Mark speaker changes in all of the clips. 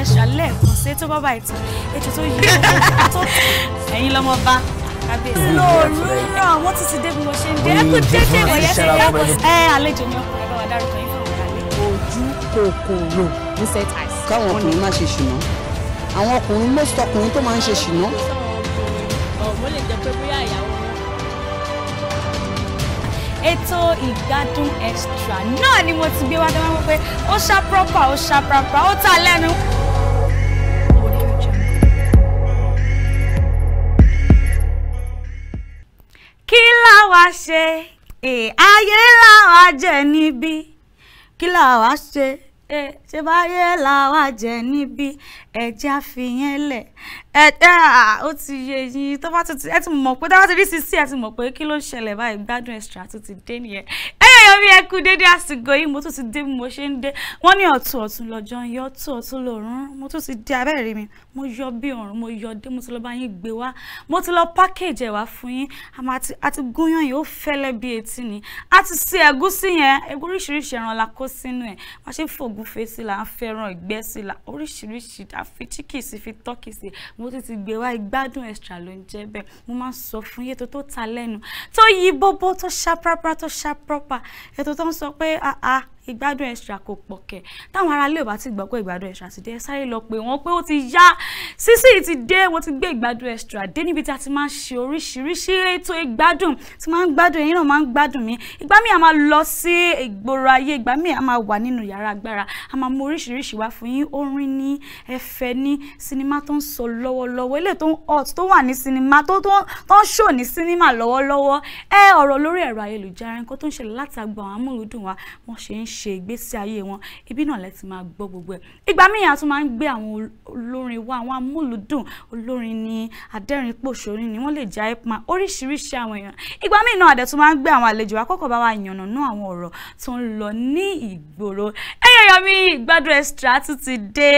Speaker 1: ẹ ṣàlẹ́ẹ̀kan ṣe tó bábà ìtàn ètò tó yí ọmọ tó ẹ̀yin lọ́mọ bá kábíyèsí. lóòrú àwọn ti ti dé bí mo ṣe ń dé ẹ kú dédé ìwọ̀nyẹ́ ṣe yá ẹ àlejò mi ọkùnrin bá wa dárúkọ yín fún ọ̀gá lé. ojú kòkòrò ní set eyes.
Speaker 2: káwọn ọkùnrin má ṣe ṣìnà àwọn ọkùnrin most ọkùnrin tó máa ń ṣe ṣìnà.
Speaker 1: ọ̀gbọ́n lè jẹ́ pé bóyá ìyàwó ètò ìgbádùn extra náà ni mo ti gbé wá dáná wípé ó ṣá proper ó ṣá proper ó ta lẹ́nu. kí làwa ṣe ayé làwa jẹ níbí kí làwa ṣe ṣe báyé làwa jẹ níbí ẹjẹ àfihàn lẹ ẹ ẹ ó ti yé yín tó bá ti ẹ ti mọ̀ pé tó bá ti rí sísí ẹ ti mọ̀ pé kí ló ṣẹlẹ̀ báyìí gbádùn extra tó dé nìyẹn orí ẹkú dédé àsìkò yìí mo tún ti dé mo ṣe ń dé wọ́n ní ọ̀tún ọ̀tún lọ́jọ́ ń yọ ọ̀tún ọ̀tún lòrùn mo tún ti dé abẹ́rẹ́ mi mo yọ bí ọ̀run mo yọ dé mo ti lọ bá yín gbé wá mo ti lọ package ẹ̀ wá fún yín àmọ́ àti gúnyán yìí ó fẹ́lẹ́ bí etí ni a ti ṣe ẹ̀gúsí yẹn ẹ̀gú oríṣiríṣi ẹran la kó sínú ẹ̀ wọ́n ṣe ń fògùn fe sí la ń fẹ́ràn ìgbẹ́ sí la oríṣiríṣi a fi chíkì sí fi tọ́kì sí mo ti ti gbé wá ìgbádùn extra ló ń jẹ́ bẹ́ẹ̀ mo máa ń sọ fún yẹ́tò tó ta lẹ́nu tó yí bóbó tó ṣá pápá tó ṣá pọ́pà ètò tó ń sọ pé àá ìgbádùn extra kò pọ̀ kẹ̀ táwọn aráalé ò bá ti gbọ́ pé ìgbádùn extra ti dé sáré lọ pé wọ́n pé ó ti yá Sisi ti dé wọ́n ti gbé ìgbádùn extra dé níbi tí a ti máa ń ṣe oríṣiríṣi ètò ìgbádùn tí máa ń gbádùn ẹ̀yin náà máa ń gbádùn mi ìgbà míì a máa lọ sí ìgboro ayé ìgbà míì a máa wà nínú yàrá agbára a máa mú oríṣiríṣi wá fún yín orin ní ẹ̀fẹ̀ ní sinimá tó ń sọ lọ́wọ́lọ́wọ́ eléyìí tó ń hot tó wà ní sinimá tó tó ń ṣò ní sinimá lọ́wọ́lọ́wọ́ ẹ ọ̀rọ̀ lórí ẹ̀rọ ayélujára nǹkan tó ń ṣẹlẹ̀ láti àgbà àwọn wa wọ́n ṣe ń ṣ ṣe ìgbésí ayé wọn ibi náà lẹ́tì máa gbọ́ gbogbo ẹ̀. ìgbà míì a tún máa ń gbé àwọn olórin wa àwọn amúlùdùn olórin ni adẹ́rìn pòṣórin ni wọ́n lè já ẹ̀pọ̀n oríṣiríṣi àwọn èèyàn. ìgbà míì náà àdẹ̀ máa ń gbé àwọn àlejò akọ́kọ̀ bá wa yànnàná àwọn ọ̀rọ̀ tó ń lọ ní ìgboro. ẹyẹ mi ìgbádùn extra tún ti dé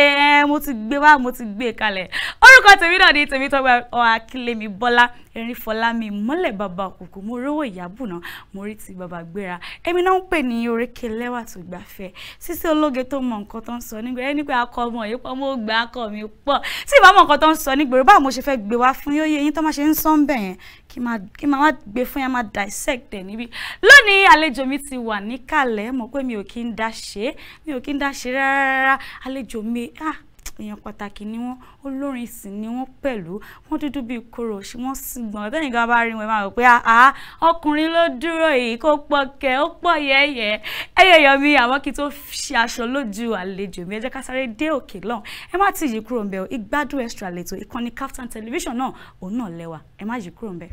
Speaker 1: mo ti gbé wá mo ti gbé kalẹ̀ orúkọ tèmi náà ni tèmi tó gbà akílẹ̀mí bọ́lá erin fọlámi mọ́lẹ̀ bàbá òkùnkù mo rówó ìyábùnà mo rí ti bàbá gbéra èmi náà ń pè ní orékè lẹ́wà tó gbafẹ́ sísí ológe tó mọ nǹkan tó ń sọ nígbà ẹni pé akọ ọmọ yìí pọ̀ mo gbà akọ mi pọ̀ tí ìbá nǹkan tó ń sọ nígbèrò báwo mo ṣe fẹ́ gbé wá fún yóò yẹ yín tó máa ṣe ń sọ ń bẹ̀ yẹn kí máa wá gbé fún yẹn máa dissect ẹ̀ níbí lónìí àlejò mi ti wà níkàlẹ̀ mọ̀ pé mi ò kí ń dá ṣe mi ò kí ń dá ṣe rárá àlejò mi ah èèyàn pàtàkì ni wọ́n olórin sì ni wọ́n pẹ̀lú wọ́n dúdú bíi koro ṣé wọ́n sì gbọ̀n tẹ́yìn gan bá rí wọn ẹ máa rò pé àá ọkùnrin ló dúró yìí kó pọ̀ kẹ́ ó pọ̀ yẹ́yẹ́ ẹyẹ èèyàn mi àmọ́ kí n tó ṣe aṣọ lójú àlejò mi ẹ ká sáré dé òkè lọ́hùn ẹ má tì yí kúrò ńbẹ̀ o ìgbádùn extra lẹ́tọ̀ ìkànnì Kaftan television náà òun náà lẹ́wà ẹ má yí kúrò ńbẹ̀.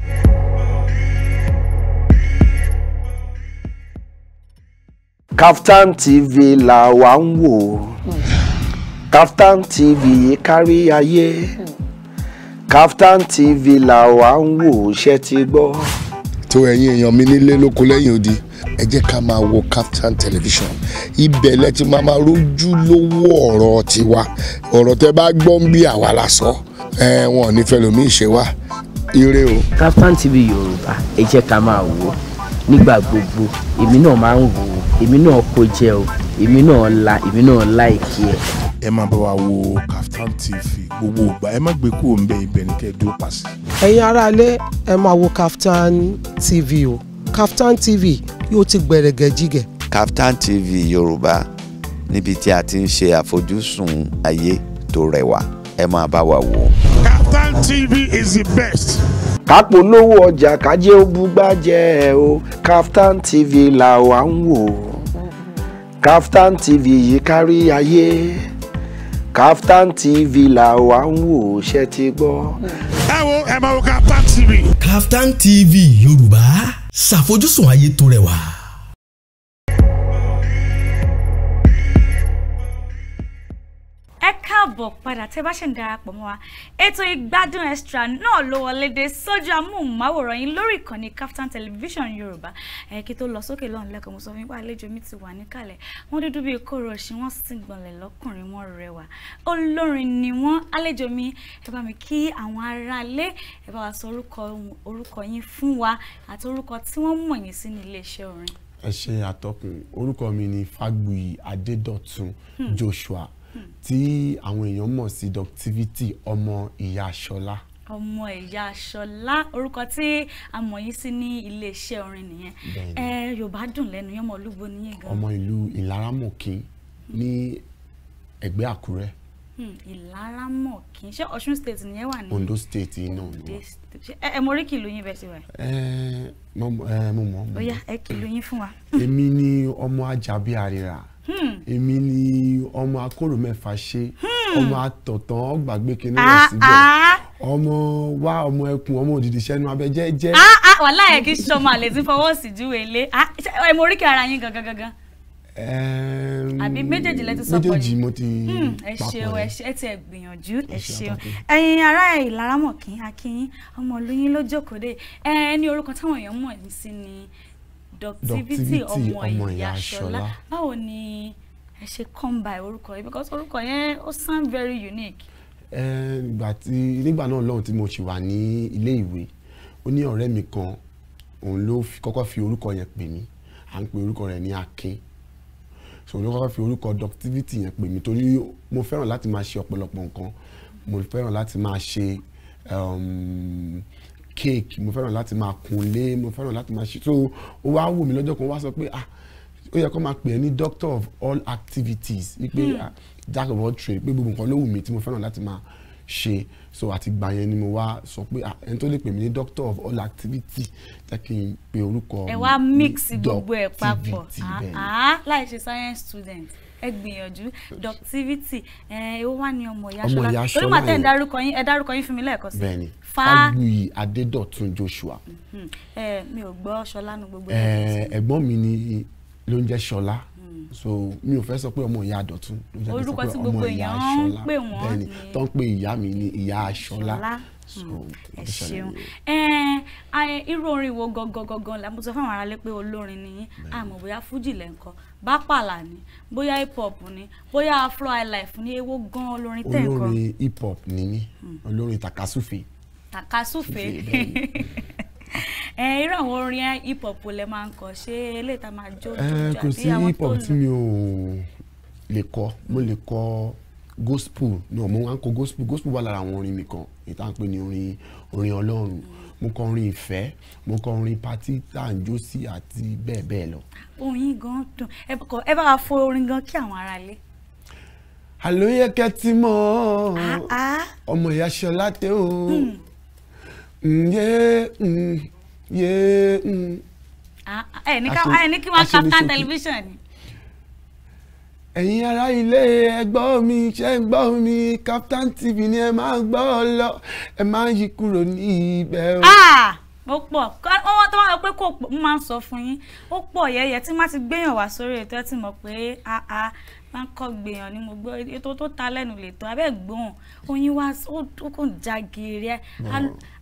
Speaker 2: Kaftan TV la wa ń wò. Mm. Kaftan TV kárí ayé Kaftan TV là wá ń wò ṣe ti gbọ́. tó ẹ̀yin èèyàn mi nílé lóko lẹ́yìn odi ẹ jẹ́ ká máa wo Captain television ibẹ̀ lẹ ti máa máa rójú lówó ọ̀rọ̀ tiwa ọ̀rọ̀ tẹ bá gbọ́ ń bí àwa la sọ ẹ wọn ò ní fẹ́ lómi ìṣe wa ire o. Kaftan TV Yorùbá ẹ jẹ́ ká máa wò ó nígbà gbogbo èmi náà máa ń wò ó èmi náà kó jẹ o èmi náà la èmi náà láìkí ẹ ẹ máa bá wa wo Kaftan TV gbogbo ìgbà ẹ má gbé kúrò ńbẹ̀ ibẹ̀ ní kẹ́ ẹ dúró pàṣẹ. ẹ̀yin aráalé ẹ máa wo Kaftan TV o Kaftan TV yóò ti gbẹ̀rẹ̀gẹ̀ jígẹ̀. Kaftan TV Yorùbá níbi tí a ti ń ṣe àfojúsùn ayé tó rẹwà ẹ máa bá wa wò. Kaftan TV is the best kápolówó ọjà kájé ó búgbàjẹ́ o Kaftan TV là wà ń wò Kaftan TV yìí kárí ayé. Kaftan TV la wa ń wò ṣe ti gbọ́.
Speaker 1: ẹ wo ẹ máa wo Kaftan
Speaker 2: TV. Kaftan TV Yorùbá ṣàfojúsùn ayé tó rẹwà.
Speaker 1: káàbọ̀ padà tẹ́ bá ṣe ń darapọ̀ mọ́ wa ètò ìgbádùn extra náà ló wọlé dé sójú amóhùnmáwòrán yín lórí ìkànnì Kaftan television yorùba ẹ tó lọ sókè lọ́run lẹ́kọ̀ọ́ mo sọ fún yín pé àlejò mi ti wà níkàlẹ̀ wọ́n dúdú bíi kóró ọ̀sìn wọ́n sì gbọ̀nlẹ̀ lọ́kùnrin wọn rẹwà olórin ni wọ́n àlejò mi ẹ bá mi kí àwọn aráalé ẹ bá wa sọ orúkọ yín fún wa àti orúkọ tí wọ́n mọ̀ yín sí ní iléeṣẹ́ orin
Speaker 2: ẹ ṣe àtọkùn orúkọ mi ni Fágbùyì Adédọ̀tun hmm. Joshua tí àwọn èèyàn mọ̀ sí Doctivity ọmọ ìyá Ṣọlá
Speaker 1: ọmọ ìyá Ṣọlá orúkọ tí a mọ̀ yín sí ní iléeṣẹ́ orin nìyẹn ẹ Yorùbá dùn lẹ́nu yẹn mọ̀ olúgbó nìyẹn gan. ọmọ
Speaker 2: ìlú Ìlaramọ̀kín ní ẹ̀gbẹ́ Àkúrẹ́.
Speaker 1: Hmm, Ìlaramọ̀kín ṣé Ọ̀ṣun state nìyẹn wà ní. Ondo
Speaker 2: state iná olúwa.
Speaker 1: ẹ mo rí kìlú yín bẹ́ẹ̀ sí wa.
Speaker 2: ẹ mo mọ̀. ó
Speaker 1: yá ẹ kìlú yín fún wa.
Speaker 2: èmi ni ọmọ Ajabi Arira. Hmm. èmi ni ọmọ akóró mẹ́fà ṣe hmm. ọmọ àtọ̀tàn gbàgbé kinní ah, rẹ̀ síbẹ̀ ah. ọmọ wa ọmọ ẹkùn ọmọ òdìdí sẹ́nu abẹ jẹ́jẹ́.
Speaker 1: Ah, wàhálà ẹ̀ kí sọmọ àlè tí fọwọ́ sí ju èlé ẹ mo rí kí ara yín gangan gangan
Speaker 2: àbí méjèèjì lẹ ti sọ pọ̀ méjèèjì mo ti hmm, papọ̀ rẹ ẹ
Speaker 1: ṣeun ẹ ti ẹ gbìyànjú ẹ ṣeun ẹ̀yin ará Ìlaramọ̀kín akínyín ọmọ olóyin ló jókòó dé ẹni orúkọ táwọn èèyàn mọ̀ sí ni Doctivity ọmọ ìyá Ṣọlá báwo ni ẹ ṣe come by orúkọ yẹn because orúkọ yẹn ó sound very unique.
Speaker 2: ìgbà tí nígbà náà lọ́hùn tí mo ṣì wà ní ilé ìwé ó ní ọ̀rẹ́ mi kan òun ló kọ́kọ́ fi orúkọ yẹn pè mí à ń pe orúkọ rẹ̀ ní Akin so ló kọ́kọ́ fi orúkọ Doctivity yẹn pè mí torí mo fẹ́ràn láti máa ṣe ọ̀pọ̀lọpọ̀ nǹkan mo fẹ́ràn láti máa ṣe. Um, cake mo fẹ́ràn láti máa kunlé mo fẹ́ràn láti máa ṣe so ó wá wò mí lọ́jọ́ kan wá sọ pé ah ó yẹ kó máa pè é ní doctor of all activities wípé hmm. ah, jack of all trade pé gbogbo nǹkan ló wù mí tí mo fẹ́ràn láti máa ṣe so àti gbà yẹn ni mo wá sọ pé ah ẹni tó lè pè mí ní doctor of all activity jẹ́ kí n pe orúkọ mi doctivity bẹ́ẹ̀ ni. ẹ wá mix gbogbo
Speaker 1: ẹ papọ̀ ah, ah, láì ṣe science student ẹ gbìyànjú doctivity ẹ ó wà ní ọmọ ìyá ṣọlá torí màá tẹ̀ ń dárúkọ yín ẹ dárúkọ yín fún mi lẹ́ẹ̀kan sí. bẹ́ẹ̀ni fáyì
Speaker 2: adédọ̀tun joshua.
Speaker 1: Mhm. ẹ mi ò gbọ́ ṣọlá nu gbogbo.
Speaker 2: ẹ̀gbọ́n mi ni ló ń jẹ́ ṣọlá so mi ò fẹ́ sọ pé ọmọ ìyá àdọ̀tún ló jẹ́ kí n sọ pé ọmọ ìyá aṣọ́lá bẹ́ẹ̀ ni tó ń pe ìyá mi ní ìyá aṣọ́lá
Speaker 1: mm, ẹ ṣeun irú orin wo gangan gangan la mo sọ fáwọn aráalé pé olórin ni yín àmọ́ bóyá fújì lẹ́ǹkan bápàlà ni bóyá hip hop ni bóyá afro highlife ni èwo gan olórin tẹ̀ kan. olórin
Speaker 2: hip hop ni mí mm. olórin takasúfè.
Speaker 1: takasúfè. ẹ irú àwọn orin hip hop lẹ máa ń kọ ṣé eléyìí tá máa jó jòjò àbí àwọn tó
Speaker 2: lò. lè kọ mo lè kọ gospel náà mo máa ń kọ gospel gospel wà lára àwọn orin mi kan ìta ń pè ní orin orin ọlọ́run mo kọ orin ìfẹ́ mo kọ orin patí tá à ń jó sí àti bẹ́ẹ̀ bẹ́ẹ̀ lọ.
Speaker 1: oyin gan dùn ẹ bá wa fo orin gan kí àwọn aráalé
Speaker 2: àlóyè kẹtìmọ ah, ah. ọmọ ìyá ṣọlá tẹ o hmm ẹ ní
Speaker 1: kí wọ́n Kaftan television ni.
Speaker 2: ẹ̀yin ará ilé ẹ mi ṣe ń gbọ́ mi Kaftan TV ni ẹ máa gbọ́ ọ lọ ẹ máa yí kúrò ní ibẹ̀ o.
Speaker 1: ó pọ̀ ọwọ́ tó wà lọ pé kò pọ̀ mo máa ń sọ fún yín ó pọ̀ yẹ́yẹ́ tí má ti gbéyàn wá sórí ètò ẹ̀ ti mọ̀ pé máa ń kọ́ gbèyàn ni mo gbọ́ ètò tó ta lẹ́nu lè tó abẹ́ gbóhùn oyin wá ó kò já geere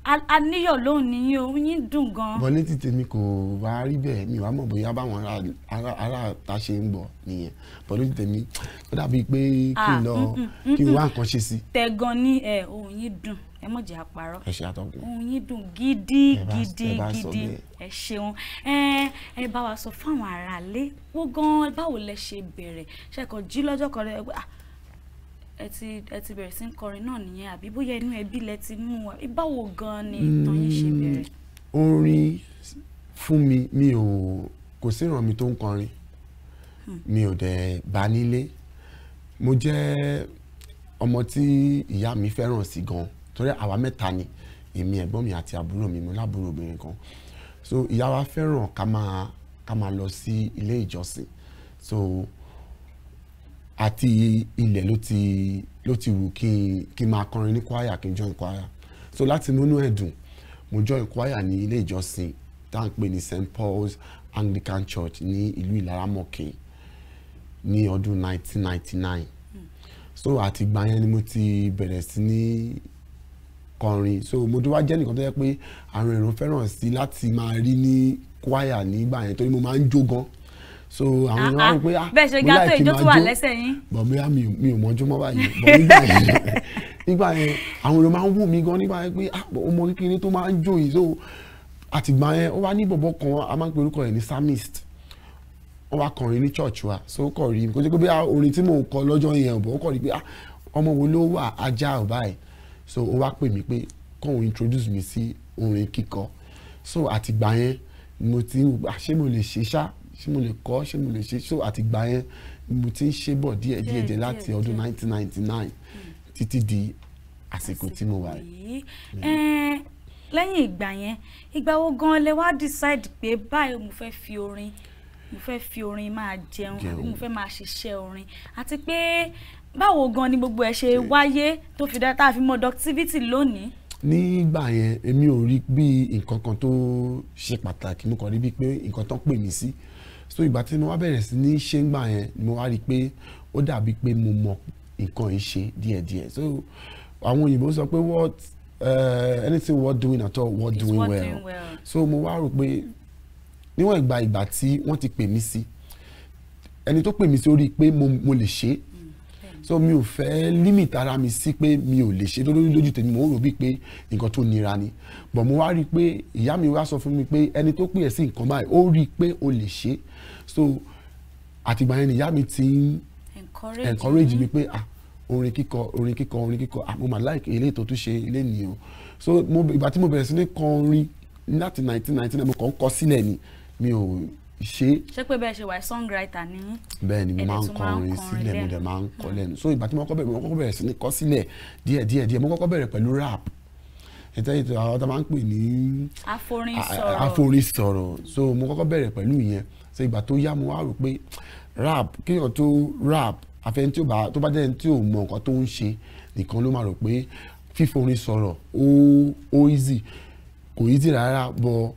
Speaker 1: aníyọ̀ lóhùn nìyí o yín dùn gan. bọ ní
Speaker 2: títí mi kò bá rí bẹ́ẹ̀ mi wàá mọ̀ bóyá báwọn ará ta ṣe ń bọ̀ nìyẹn bọ ní títí mi ó dàbí pé ah, kí n lọ mm, mm, mm, kí n wá nǹkan ṣe sí.
Speaker 1: tẹ̀gàn ni ẹ ohùn yín dùn ẹ mọ̀ jẹ́ àparọ́ ohùn yín dùn gidi gidi gidi ẹ ṣeun ẹ bá wa sọ fáwọn aráalé wọ́n gan báwo lẹ ṣe bẹ̀rẹ̀ ṣe kàn jí lọ́jọ́ kan rẹ̀ ah ẹ ti ẹ ti bẹ̀rẹ̀ sí ń kọrin náà nìyẹn àbí bóyá inú ẹbí lẹ ti mú wa báwo gan ni ìtàn yìí ṣe hmm,
Speaker 2: bẹ̀rẹ̀. orin fún mi mi ò kò sí ìràn mi tó ń kọrin hmm. mi ò dẹ̀ bá nílé mo jẹ́ ọmọ tí ìyá mi fẹ́ràn sí gan torí àwa mẹ́ta ni èmi ẹ̀gbọ́n mi àti àbúrò mi mo lábúrò obìnrin kan so ìyá wa fẹ́ràn ká máa ká máa lọ sí ilé ìjọsìn so àti ilẹ̀ ló ti ló ti wù kí kí máa kọrin ní kwaya kí n join kwaya so láti múnú ẹ̀dùn mo join kwaya ní ilé ìjọsìn tá à ń pè ní St Paul's Anglican Church ní ìlú Ìlaramọ̀kìn ní ọdún 1999 so àti ìgbà yẹn ni mo ti bẹ̀rẹ̀ sí ní kọrin so mo tó wá jẹ́ nìkan tó yẹ pé àwọn èrò fẹ́ràn sí láti máa rí ní kwaya nígbà yẹn torí mo máa ń jó gan so àwọn èèyàn wá rò pé ah bẹ́ẹ̀ ṣe ga tó ìjó tó wà lẹ́sẹ̀ yín. bọ̀ bóyá mi ò mọ̀jú mọ́ báyìí bọ̀ nígbà yẹn nígbà yẹn àwọn èèyàn máa ń wù mí gan nígbà yẹn pé ah ọmọ kékeré tó máa ń jó yìí so àtìgbà yẹn ó wá ní bọ̀bọ̀ kan a máa ń pe orúkọ yẹn ní psalmist wọ́n wá kọrin ní church wa so ó kọ̀ rí mi kò jẹ́ pé bí orin tí mò ń kọ lọ́jọ́ yẹn bọ̀ ó kọ̀ rí pé ah ọmọ wo ló wà ajá ò báyìí so ó wá pè mí pé kóun introduce mi sí orin kíkọ so àtìgbà yẹn mo ti ń àṣé ah, mo lè ṣe ṣáá ṣé mo lè kọ́ ṣé mo lè ṣe so àtìgbà yẹn mo ti ń ṣe bọ̀ díẹ̀ díẹ̀ díẹ̀ láti ọdún 1999 títí di àsìkò tí mo wà yìí.
Speaker 1: lẹ́yìn ìgbà yẹn ìgbà wo gan-an lẹ decide pé báyìí mo fẹ́ fi orin mo fẹ́ fi orin máa jẹun àbí mo fẹ́ máa ṣiṣẹ́ orin àti pé báwo gan ni gbogbo ẹ̀ ṣe wáyé tó fi dá tá a fi mọ doctivity lónìí
Speaker 2: nígbà yẹn èmi ò rí bí nǹkan kan tó ṣe pàtàkì mo kàn rí bíi pé nǹkan tán pè mí sí so ìgbà tí mo wá bẹ̀rẹ̀ sí ní ṣe ń gbà yẹn ni mo wá rí i pé ó dàbí pé mo mọ nǹkan yìí ṣe díẹ̀díẹ̀ so àwọn òyìnbó sọ pé what uh, anything worth doing at all worth doing, well. doing well so mo wá rò pé níwọ̀n ìgbà ìgbà tí wọ́n ti pè mí sí ẹni tó pè mí sí ó rí i pé mo lè ṣe mm, so mi ò fẹ́ limit ara mi sí pé mi ò lè ṣe lórí lójú tèmi mo ń rò bí pé nǹkan tó nira ni but mo wá rí i pé ìyá mi wá sọ fún mi pé ẹni tó pè ẹ́ sí nǹkan báyìí ó rí i pé o lè ṣe so àtìgbà yẹn nìyá mi ti ń encourage mi pé ah orin kíkọ orin kíkọ orin kíkọ ah mo mà like eléyìí tó tún ṣe ilé o so mo ìgbà tí mo bẹ̀rẹ̀ sí ní kọ orin láti nineteen ninety nine mo kàn ń kọ sílẹ̀ ni mi ò ṣe.
Speaker 1: ṣé pé bẹ́ẹ̀ ṣe wà songwriter ni.
Speaker 2: bẹ́ẹ̀ ni mo máa ń kọ orin sílẹ̀ mo dẹ̀ máa ń kọ hmm. lẹ́nu so ìgbà tí mo kọ́ bẹ̀rẹ̀ mo kọ́kọ́ bẹ̀rẹ̀ sí ní kọ sílẹ̀ díẹ̀ díẹ̀ díẹ̀ mo kọ́kọ́ bẹ̀rẹ̀ pẹ̀lú rap ètò ètò àwọn tá a máa ń pè ní.
Speaker 1: àforínsọ̀rọ̀
Speaker 2: àforínsọ̀rọ̀ so mo kọ́kọ́ bẹ̀rẹ̀ pẹ̀lú ìyẹn ṣe ìgbà tó yá mo wá rò pé rap kéèyàn tó rap àfẹn tí ó bá tó bá jẹ́ tí ò mọ nǹkan tó ń ṣe nìkan ló máa rò pé fíforin sọ̀rọ̀ ó ó easy kò easy rárá bọ̀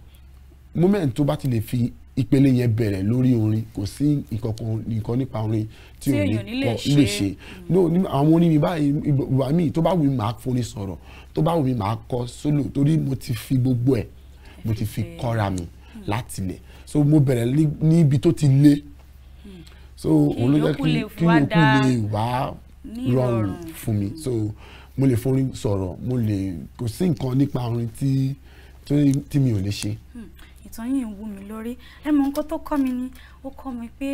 Speaker 2: moment tó bá ti lè fi ìpele yẹn bẹ̀rẹ̀ lórí orin kò sí nǹkan nípa orin tí ò ní lè ṣe no àwọn orin mi báyìí ìwà mi tó bá wù mí màá forin sọ̀rọ̀ tó bá wù mí màá kọ sólò torí mo ti fi gbogbo ẹ̀ mo ti fi kọ́ra mi látilẹ̀ so mo bẹ̀rẹ̀ níbi tó ti le so òun ló jẹ́ kí kí yòókù lè wá rọrùn fún mi so mo lè forin sọ̀rọ̀ mo lè kò sí nǹkan nípa orin tí tí mi ò lè ṣe.
Speaker 1: Hmm, ìtàn yìí ń wú mi lórí ẹ mọ nǹkan tó kọ́ mi ni ó kọ́ mi pé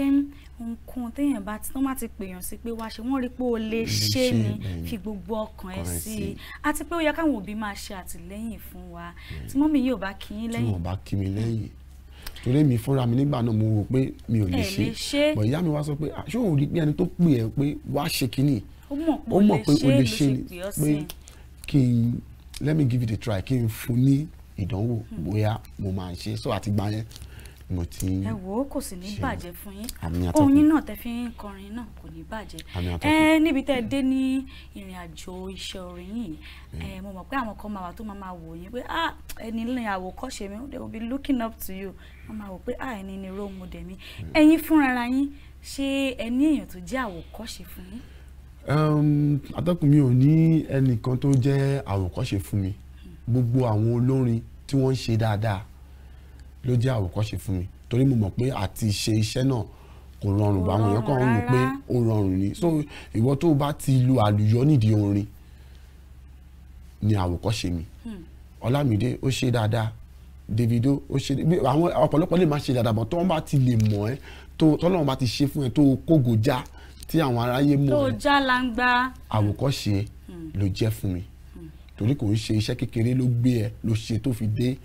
Speaker 1: nǹkan téèyàn bá ti tán má ti pèèyàn sí pé wá ṣe wọ́n rí pé o lè ṣe ni mm, fi gbogbo ọkàn ẹ sí i àti pé ó yẹ káwọn òbí máa ṣe àtìlẹ́yìn fún wa mm. tí mọ́mí yìí bá kí yín lẹ́yìn. tí wọ́n
Speaker 2: bá kí mi lẹ́yìn torí mi fúnra mi nígbà náà mo wò pé mi ò lè ṣe bọ̀ ìyá mi wá sọ pé ṣé òun rí pé ẹni tó pè ẹ́ pé wá ṣe kínní
Speaker 1: ó mọ̀ pé o lè ṣe ni pé
Speaker 2: kí n let me give you the try kí n fún ní ìdánwò bóyá mo máa ṣe so àtìgbà yẹn mo ti ń ṣe ẹ
Speaker 1: wò ó kò sì ní bàjẹ́ fún yín ohun yín náà tẹ fi ń kọrin náà kò ní bàjẹ́ ẹ níbi tẹ dé ní ìrìn àjò iṣẹ́ orin yìí ẹ mo mọ̀ pé àwọn kan máa wà tó máa wò yín pé ah ẹni ní àwòkọ́ṣe mi they will be looking up to you wọ́n máa wò pé ah ẹni ní role model mi hmm. ẹ̀yin fúnra yín ṣé ẹ ní èèyàn tó jẹ́ àwòkọ́ṣe fún yín.
Speaker 2: atọ́kùn mi ò ní ẹnìkan tó jẹ́ àwòkọ́ṣe fún mi hmm. gbogbo àwọn olórin tí wọ́n ń ṣe dáadáa ló jẹ́ àwòkọ́ṣe fún mi torí mo mọ̀ pé àti ṣe iṣẹ́ náà kò rọrùn báwọn èèyàn kàn ń rò pé ó rọrùn ni so ìwọ tó bá ti lu àlùyọ nídìí orin ni àwòkọ́ṣe mi hmm. Ọlámídé ó ṣe dáadáa Davido ó ṣe àwọn ọ̀pọ̀lọpọ̀ lè má ṣe dáadáa bọ̀ tó wọ́n bá ti lè mọ̀ ẹ́ tó tọ́lọ́wọ́n bá ti ṣe fún ẹ tó kógo já tí àwọn aráyé mọ̀ ẹ́ tó
Speaker 1: já langba àwòkọ́ṣe hmm.
Speaker 2: ló jẹ́ fún mi torí kò ń ṣe iṣẹ́ kékeré ló gbé ẹ ló ṣe tó fi dé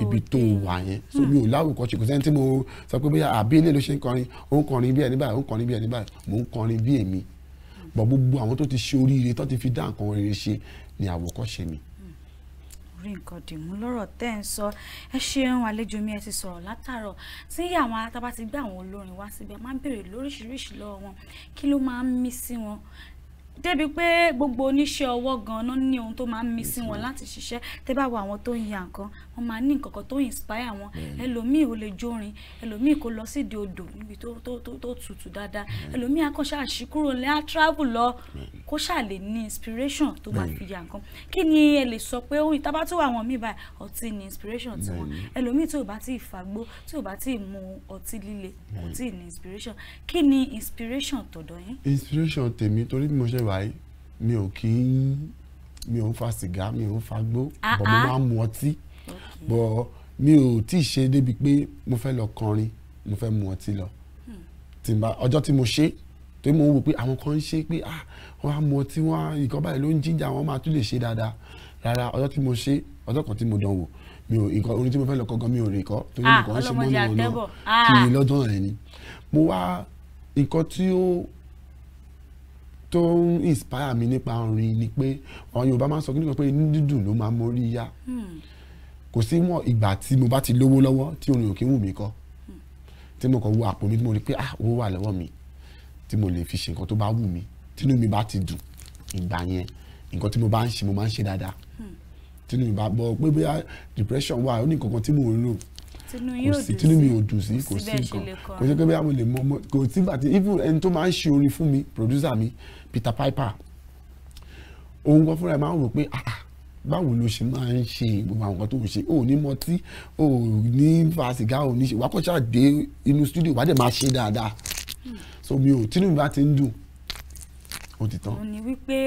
Speaker 2: ibi tó wà yẹn so hmm. mi ò láwùkọ ṣe kò sẹ́ni tí mo sọ pé bóyá àbí ilé ló ṣe ń kọrin ó ń kọrin bí ẹni báyìí ó ń kọrin bí ẹni báyìí mò ń kọrin bí èmi bọ̀ gbogbo àwọn tó ti ṣe oríire tó ti fi dá nǹkan rere ṣe ni àwòkọ́ṣe mi hmm.
Speaker 1: rí nǹkan dìmú lọ́rọ̀ tẹ́ ń sọ ẹ ṣeun àlejò mi ẹ ti sọ̀rọ̀ látàárọ̀ tí àwọn atábá ti gbé àwọn olórin wá síbi a máa ń béèrè lóríṣiríṣi lọ́wọ́ wọn kí ló máa ń mí sí wọn débi pé gbogbo oníṣẹ́ ọwọ́ gan-an ní ohun tó máa ń mí sí wọn láti ṣiṣẹ́ tẹ́ bá wo àwọn tó ń ya nǹkan wọ́n máa ní nǹkan tó inspire wọn ẹlòmíì ò lè jórin ẹlòmíì kò lọ sídìí odò níbi tó tó tó tutù dáadáa ẹlòmíì akọ́ṣà àṣìkúrò lẹ́ á travel lọ kó ṣà lè ní inspiration tó bá fi ya nǹkan kí ni ẹ lè sọ pé ohun ìtaba tó àwọn míì báyìí ọtí ni inspiration tí wọn ẹlòmíì tí ò bá tí ì fagbó tí ò bá tí ì mu ọtí líle kò tí ní inspiration kí ni inspiration tọ̀dọ̀ yín.
Speaker 2: inspiration tèmi torí bí mo ṣe wáyé mi ò kí mi ò ń fa sìgá mi ò ń fagbó ah, bọ̀ mo ah. máa ń mu ọtí bọ̀ mi ò tí ì ṣe débi pé mo fẹ́ lọ kọrin mo fẹ́ mu ọtí lọ ọjọ́ tí mo ṣe tó mo wò pé àwọn kan ń ṣe pé ah wọ́n á mu ọtí wọ́n á nǹkan báyìí ló ń jíjà wọ́n máa tún lè ṣe dáadáa rárá ọjọ́ tí mo ṣe ọjọ́ kan tí mo dán wò mi ò ìkọ orin tí mo fẹ́ lọ kọ́kọ́ mi ò rí kọ́ torí nǹkan ah, ṣe mọ́ náà náà kiri lọ́dún rẹ̀ ni mo wá nǹkan tí ó tó ń inspire mi nípa orin ni pé àwọn Yorùbá máa ń sọ kí nìkan pé inú dídùn ló máa mórí yá. Hmm kò sí mọ́ ìgbà tí mo bá ti lówó lọ́wọ́ tí orin òkè wù mí kọ́ tí mo kàn wo àpò mi tí mo rí pé ah owó wà lọ́wọ́ mi tí mo lè fi ṣe nǹkan tó bá wù mí tínú mi bá ti dùn ìgbà yẹn nǹkan tí mo bá ń ṣe mo máa ń ṣe dáadáa tínú mi bá bọ pé bóyá depression wà ó ní nǹkan kan tí mo ń lò
Speaker 1: kò sí tínú mi ò
Speaker 2: dùn sí kò sí nǹkan kò sí pé bóyá mo lè mọ ọmọ kò sí gbà tí even ẹni tó máa ń ṣe orin fún mi producer mi Peter Piper òun gan fúnra ẹ máa ń rò pé ah, ah báwo ló ṣe máa ń ṣe gbogbo àwọn nǹkan tó ń ṣe ò ní mọtí ò ní fa sìgá ò ní ṣe wàá kọ́ṣà inú studio wàá dẹ̀ máa ṣe dáadáa so mi ò tínú mi bá ti ń dùn ó ti tán. ó
Speaker 1: ní wípé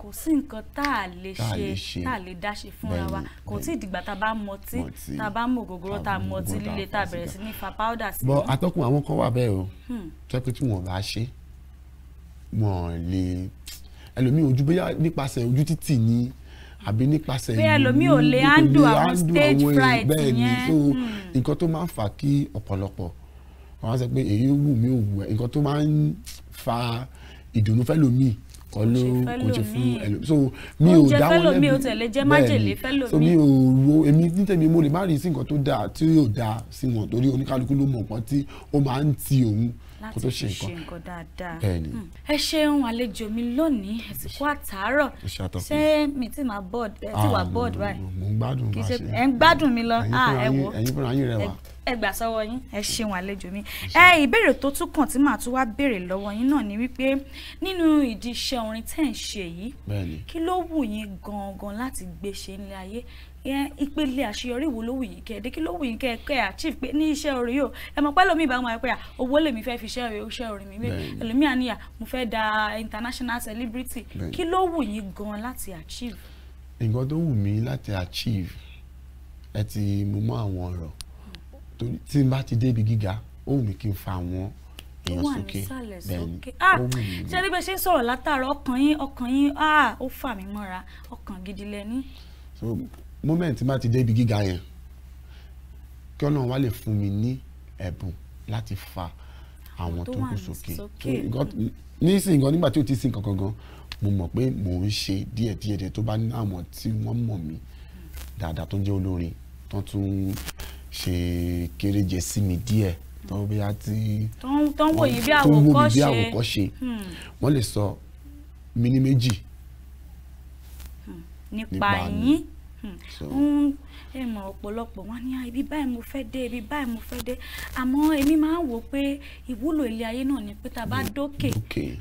Speaker 1: kò sí nǹkan tá a lè ṣe tá a lè dá ṣe fúnra wa kò tí ì tá a bá mọtí tá a bá mọ ògógóró tá a mọtí líle tá a bẹ̀rẹ̀ sí ní fa powder sí. bọ
Speaker 2: atọ́kùn àwọn kan wà bẹ́ẹ̀ o hmm. jẹ́ pé tí wọ́n bá ṣe wọ́n lè ẹlòmíì ojú bóyá nípasẹ̀ ojú títì ni. Hmm àbí nípasẹ̀ ìlú bẹ́ẹ̀ lómi ò lè handle àwọn stage fright yẹn bẹ́ẹ̀ ni so hmm. nǹkan tó máa ń fà kí ọ̀pọ̀lọpọ̀ wọ́n á sọ pé èyí wù mí ò wù ẹ́ nǹkan tó máa ń fa ìdùnnú fẹ́lòmíì kọ́ ló kò ṣe fún ẹlòmíì so mi ò dá wọn lẹ́bi bẹ́ẹ̀ ni so mi ò ro èmi nítẹ̀mí mo lè má rí sí nǹkan tó dáa tí yóò dáa sí wọn torí oníkálukú ló mọ̀ pọ́n tí ó máa ń ti òun
Speaker 1: kó tó ṣe nǹkan bẹ́ẹ̀ ni. Hmm. ẹ ṣeun àlejò mi lónìí ẹ ti kó àtàárọ̀ ṣé mi ti máa board ẹ ti wà ah, board báyìí ẹ ń gbádùn mi lọ ah, ẹ wo ẹ gbà sọ́wọ́ yín ẹ ṣeun àlejò mi ẹ ìbéèrè tó tún kàn tí màá tún wá béèrè lọ́wọ́ yín náà ni wípé nínú ìdí iṣẹ́ orin tẹ́ ń ṣe yìí kí ló wù yín gangan láti gbé ṣe nílé ayé ìpele àṣeyọrí wo ló wù yín kẹ́ ẹ dé kí ló wù ẹ kẹ́ ẹ achieve pé ní iṣẹ́ orin yóò ẹ mọ̀ pé lómi ìbá wọn pé owó lèmi fẹ́ fi iṣẹ́ orin mi ẹlòmíà níyà mo fẹ́ da international celebrity kí ló wù yín gan láti achieve.
Speaker 2: nǹkan tó wù mí láti achieve ẹ ti mú mọ́ àwọn ọ̀rọ̀ torí tí n bá ti débi gíga ó wù mí kí n fa àwọn
Speaker 1: èèyàn sókè bẹ́ẹ̀ ni ah, ó wù mí. ṣé níbi ṣe ń sọ̀rọ̀ látàárọ̀ ọkàn yín ọkàn yín ah, ó fà mí mọ́ra ọkàn gidi lẹ́ni
Speaker 2: moment má ti dé ibi gíga yẹn kí ọlọ́run wá lè fún mi ní ẹ̀bùn láti fa àwọn tó kù sókè nísìnyí gan nígbà tí o ti sin kankan gan mo mọ̀ pé mò ń ṣe díẹ̀díẹ̀ díẹ̀ tó bá ní àwọn tí wọ́n mọ̀ mí dáadáa tó jẹ́ olórin tó tún ṣe kéréje sí mi díẹ̀ tó bí a ti
Speaker 1: tó ń wò yí bí àwòkọ́ṣe hmm.
Speaker 2: wọ́n lè sọ mi ní méjì
Speaker 1: hmm. nípa yín ń hmm. ẹ mọ̀ ọ̀pọ̀lọpọ̀ wọn ní ah, ibi báyìí mo fẹ́ dé ibi báyìí mo fẹ́ dé àmọ́ èmi máa ń wò pé ìwúlò ilé ayé náà ni pé tá a bá hmm. dókè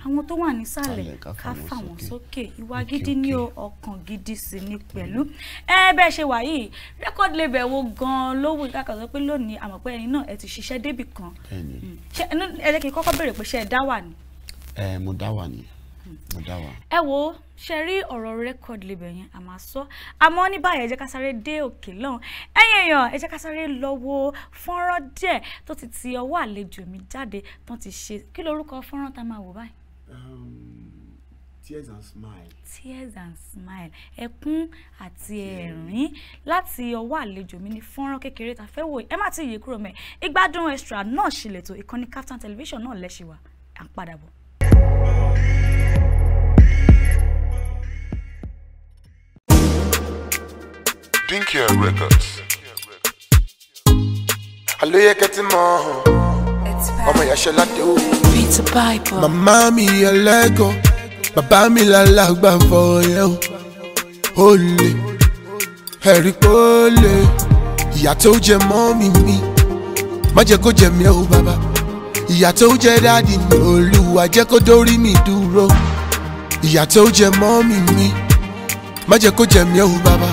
Speaker 1: àwọn tó wà nísàlẹ̀ ká fà wọ́n sókè ìwà gidi ni o ọkàn gidi sì ni pẹ̀lú ẹ bẹ́ẹ̀ ṣe wà yìí record label wo gan-an ló wù ká kàn sọ pé lónìí àmọ́ pé ẹni náà ẹ ti ṣiṣẹ́ débì kan hmm. ẹ jẹ́ kí n kọ́kọ́ béèrè pé ṣé ẹ dá wà ni.
Speaker 2: ẹ mo dá wà ni
Speaker 1: ẹ wo ṣe rí ọ̀rọ̀ record label yẹn a sọ àmọ́ ní báyìí ẹ jẹ́ dé òkè lọ́hùn ẹ̀yin èèyàn ẹ jẹ́ ká fọ́nrán díẹ̀ tó ti ti ọwọ́ àlejò mi jáde tó ti ṣe kí lorúkọ fọ́nrán tá a máa wò báyìí.
Speaker 2: Um, tears and smile.
Speaker 1: Tears and smile. Ẹkún àti ẹ̀rín láti ọwọ́ àlejò mi ní fọ́nrán kékeré ta fẹ́ wò ẹ má ti yí kúrò mẹ́. Ìgbádùn extra náà ṣì lè tó ìkànnì Kaftan television náà lẹ́ṣin wa. À
Speaker 2: Skincare Records. Hello, you getting more. Ọmọ ìyá ṣe láti Peter Piper. Màmá mi ẹlẹ́gọ̀, bàbá mi lálàgbà fọyẹ́ o. Ó lè, ẹ̀rí pé ó lè. Ìyá tó jẹ mọ́ mi mi, má jẹ́ kó jẹ mí ẹ́ o bàbá. Ìyá tó jẹ dáàdì mi, Olúwa jẹ́ kó dórí mi dúró. Ìyá tó jẹ mọ́ mi mi, má e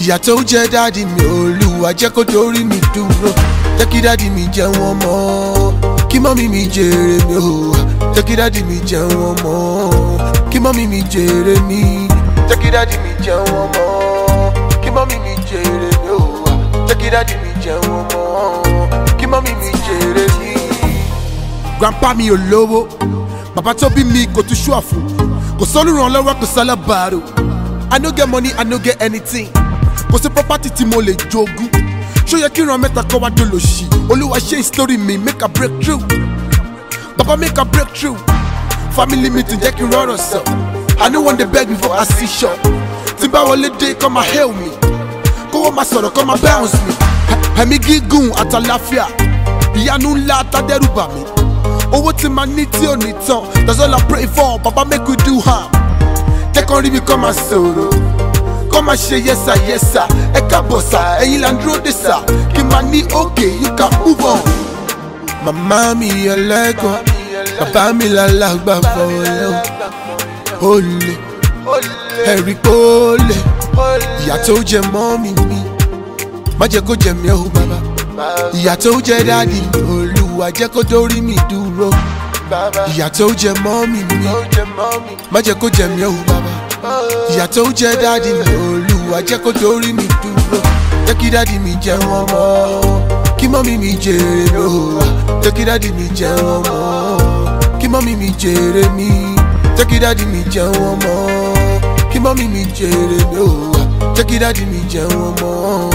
Speaker 2: ìyà tó jẹ dáàdi mi olúwa jẹ́ kó torí mi dúró jẹ́ kí dáàdi mi jẹ wọ́n mọ́ kí mọ́mí mi jèrè mi o jẹ́ kí dáàdi mi jẹ wọ́n mọ́ kí mọ́mí mi jèrè mi jẹ́ kí dáàdi mi jẹ wọ́n kí mọ́mí mi jèrè mi o jẹ́ kí dáàdi mi jẹ wọ́n kí mọ́mí mi jèrè mi. grandpa mi ò lówó bàbá tó bí mi kò tún ṣùà fún kò sọ́lùrànlọ́wọ́ kò sọ́lọ́ bàárò i no get money i no get anything kò sí property tí mo lè jogún ṣó yẹ kí ìran mẹ́ta kọ́ wá dolo sí olúwa ṣe story mi make a break through baba make a break through family meeting jẹ́ kí n rọrọ̀ sọ i no wan dey beg before i see shop tí bá wọlé dé kọ́ máa hail me kówó máa sọ̀rọ̀ kọ́ máa bounce me ẹ̀mí gígùn àtàláfíà ìyanu ńlá tádẹ́rùbà mi owó tí máa ní tí ò ní tán that's all i pray for baba make we do am jẹ́ kán rí mi kọ́ máa sọ̀rọ̀ kọ́ máa ṣe yẹsà yẹsà ẹ káàbọ̀ sà ẹ̀yin là ń dúró dé sà kí máa ní òkè you can move on. màmá mi ẹlẹ́gàn bàbá mi lálàgbà fọlẹ́ o olè ẹ̀rí pólè ìyá tó jẹ mọ́ mi mi má jẹ́ kó jẹ mí ẹ́ o bàbá ìyá tó jẹ dáàdi olùwà jẹ́ kó dórí mi dúró bàbá. ìyà tó jẹ mọ́ mi mi má jẹ́ kó jẹ mí o bàbá. Oh. ìyà tó jẹ dáàdi mi olúwa jẹ́ kó torí mi dúró jẹ́ kí dáàdi mi jẹ wọ́n mọ́ kí mọ́mí mi jèrè lóhùn jẹ́ kí dáàdi mi jẹ wọ́n mọ́ kí mọ́mí mi jèrè mi jẹ́ kí dáàdi mi jẹ wọ́n mọ́ kí mọ́mí mi jèrè lóhùn jẹ́ kí dáàdi mi jẹ wọ́n mọ́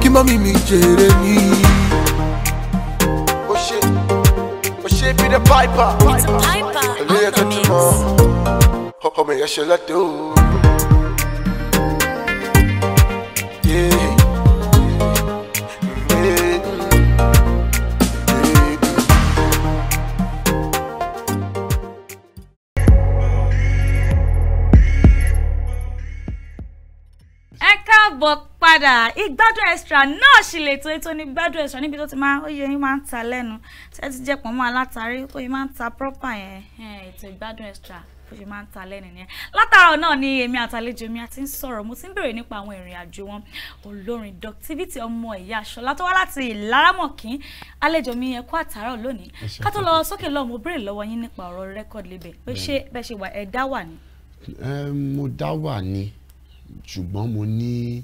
Speaker 2: kí mọ́mí mi jèrè mi. She be the piper. It's a piper. Later tomorrow, Oh, me I shall do?
Speaker 1: padà ìgbádùn extra náà sì lè tó ètò ní gbádùn extra níbi tó ti máa ó yẹ yín máa ń ta lẹ́nu tí ẹ ti jẹ́ pọ̀ mọ́ alátàrí ó yẹ máa ń ta proper yẹn ètò ìgbádùn extra bó ṣe máa ń ta lẹ́nu nìyẹn látàárọ̀ náà ni èmi àtàlejò mi àti ń sọ̀rọ̀ mo ti ń béèrè nípa àwọn ìrìn àjò wọn olórin Doctivity ọmọ ìyá Ṣọlá tó wá láti Ìlaramọ̀kín àlejò mi ẹ kú àtàárọ̀ lónìí ká tó lọ sókè lọ mo béèrè lọ́wọ́ yín nípa ọ̀rọ̀ rẹ́kọ̀dì lébẹ̀ pé ṣé bẹ́ẹ̀ ṣe wà ẹ dá wà ni.
Speaker 2: mo dá wà ni ṣùgbọ́n mo ní